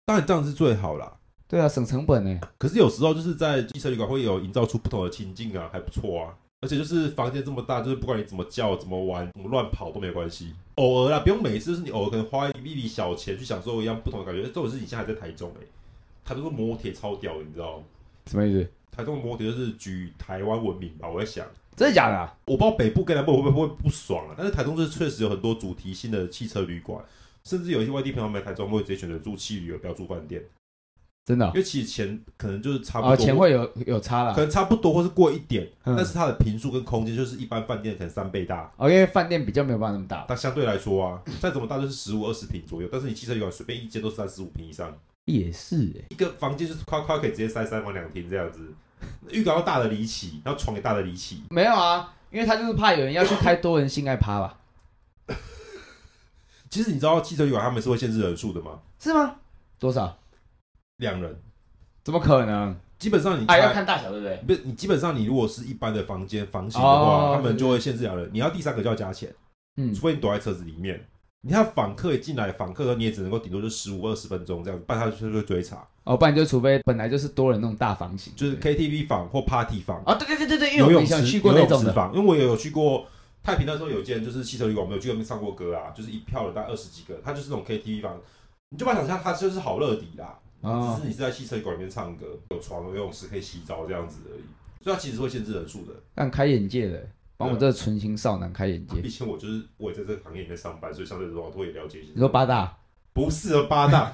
當然，這樣是最好啦，對啊，省成本哎、欸。可是有時候就是在汽車旅館會有營造出不同的情境啊，還不錯啊。而且就是房間這麼大，就是不管你怎麼叫、怎麼玩、怎麼亂跑都沒關係。偶爾啦，不用每一次，就是你偶爾可能花一筆筆小錢去享受一樣不同的感覺。就是你現在還在台中哎、欸，台中摩鐵超屌，你知道嗎？什麼意思？台中摩鐵就是舉台灣聞名吧？我在想，真的假的、啊？我不知道北部跟南部會不會不，不爽啊。但是台中是確實有很多主題性的汽車旅館。甚至有一些外地朋友來台中會直接選擇住汽旅而不要住飯店，真的、哦？因為其實錢可能就是差不多，錢、哦、會有有差了，可能差不多或是貴一點，嗯、但是它的坪數跟空間就是一般飯店可能三倍大。哦，因為飯店比較沒有辦法那麼大。但相對來說啊，再怎麼大都是十五二十坪左右， 但是你汽車旅館，隨便一間都三十五坪以上。也是、欸、一個房間就是誇誇可以直接塞三房兩廳這樣子，浴缸大的離奇，然後床也大的離奇。沒有啊，因為他就是怕有人要去開多人性愛趴吧。 其實你知道汽車旅館他們是會限制人數的嗎？是嗎？多少？兩人？怎麼可能、啊？基本上你哎、啊、要看大小對不對？不，你基本上你如果是一般的房間房型的話哦哦哦對對，他們就會限制兩人。你要第三個就要加錢。嗯，除非你躲在車子裡面。你看訪客一進來，訪客的你也只能夠頂多就十五二十分鐘這樣，不然他就就會追查。哦，不然就除非本來就是多人那種大房型，就是 KTV 房或 Party 房。啊、哦，對對對對對，因為我有想去過那種房，因為我也有去過。太平那時候有間就是汽車旅館，我沒有去那邊唱過歌啊，就是一票大概二十幾個，他就是那種 KTV 房，你就把想象，他就是好樂迪啦、哦，只是你是在汽車旅館裡面唱歌，有床，有泳池，可以洗澡這樣子而已。所以它其實會限制人數的，但開眼界了，幫我這純情少男開眼界。畢竟我就是我也在這個行業裡面上班，所以相對來說會了解一些。你說八大不是合、啊、八大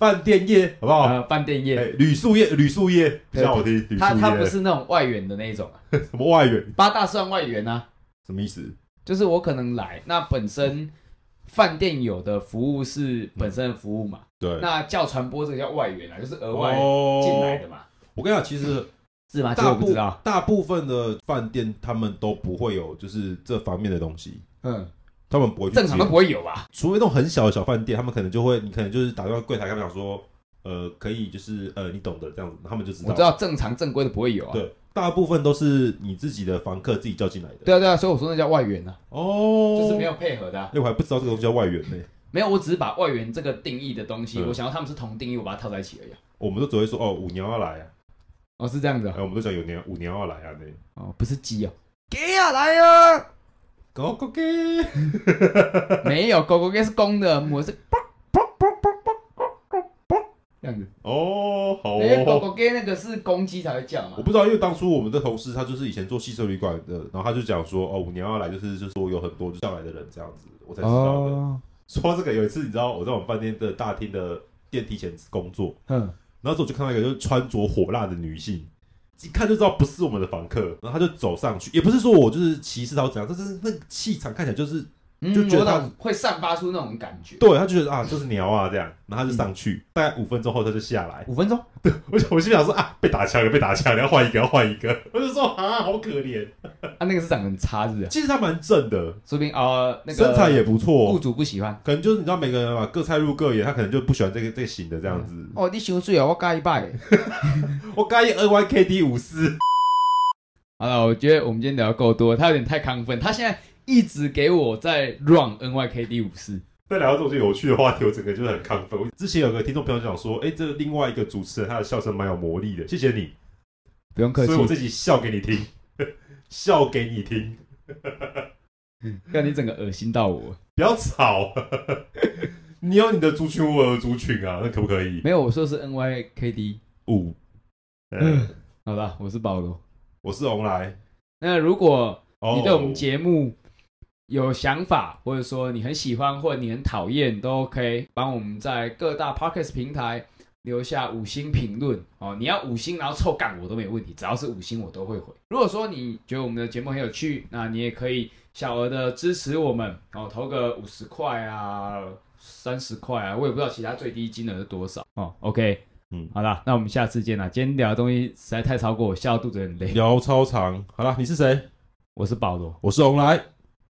飯 店業，好不好？飯、呃、店業、旅、欸、宿業、旅宿業比較好聽。它它不是那種外援的那種、啊，什麼外援？八大算外援啊。什麼意思？就是我可能來，那本身飯店有的服務是本身的服務嘛。嗯、對。那叫傳播，這個叫外援啊，就是額外進來的嘛。哦、我跟你講，其實、嗯、是嗎？大部大部分的飯店他們都不會有，就是這方面的東西。嗯，他們不會正常都不會有吧？除非那種很小的小飯店，他們可能就會，你可能就是打到櫃檯，跟他們講說。呃，可以，就是呃，你懂的，這樣子他們就知道。我知道正常正規的不會有啊。對，大部分都是你自己的房客自己叫進來的。對啊，對啊，所以我說那叫外援啊。哦。就是沒有配合的、啊。因為我還不知道這個東西叫外援呢、欸。沒有，我只是把外援這個定義的東西，嗯、我想要他們是同定義，我把它套在一起而已。我們都只會說哦，五娘要來啊。哦，是這樣子、哦欸。我們都想：「有娘五娘要來啊呢。哦，不是雞啊、哦。給啊來啊，狗狗給。 沒有，狗狗給是公的，母是這樣子哦，好哦。欸、狗狗那個是公雞才會叫嘛？我不知道，因為當初我們的同事他就是以前做汽車旅館的，然後他就講說：“哦，娘要來就是，就是說有很多就上來的人這樣子。”我才知道的、哦。說到這個有一次，你知道我在我們飯店的大廳的電梯前工作，哼。然後我就看到一個就是穿着火辣的女性，一看就知道不是我們的房客，然後他就走上去，也不是說我就是歧視他怎樣，但是那個氣場看起來就是。就覺得、嗯、會散發出那種感覺，對。他就覺得啊，就是鳥啊這樣，然後他就上去，嗯、大概五分鐘後他就下來，五分鐘，對，我我心裡想說啊，被打槍了，被打槍了，要換一個，要換一,一個，我就說啊，好可憐，啊，那個是長得很差是不是啊？其實他蠻正的，說不定啊、呃那個，身材也不錯，僱主不喜歡，可能就是你知道每個人嘛，各菜入各眼，他可能就不喜歡這個這個、型的這樣子，嗯、哦，你喜歡最矮，我加 一百我加一 N Y K D 五四， 好了，我覺得我們今天聊夠多，他有點太亢奮，他現在。一直給我在 run N Y K D 五四，再聊到這種有趣的話題，我整個就是很亢奮。之前有個聽眾朋友講說，哎、欸，這另外一個主持人他的笑聲蠻有魔力的。謝謝你，不用客氣，所以我自己笑給你聽，笑給你聽。 嗯，讓你整個噁心到我。不要吵， 你有你的族群，我有族群啊，那可不可以？沒有，我說是 N Y K D 五。嗯， 好的，我是保羅，我是洪來。那如果你對我們節目、oh.，有想法，或者說你很喜歡，或者你很討厭，都 OK，幫我們在各大 Podcast 平台留下五星評論哦。你要五星，然後臭幹我都沒問題，只要是五星我都會回。如果說你覺得我們的節目很有趣，那你也可以小額的支持我們哦，投個五十塊啊，三十塊啊，我也不知道其他最低金額是多少哦。OK，嗯，好啦，那我們下次見啦。今天聊的東西實在太超過，我笑到肚子很累，聊超長。好啦，你是誰？我是保羅，我是紅來。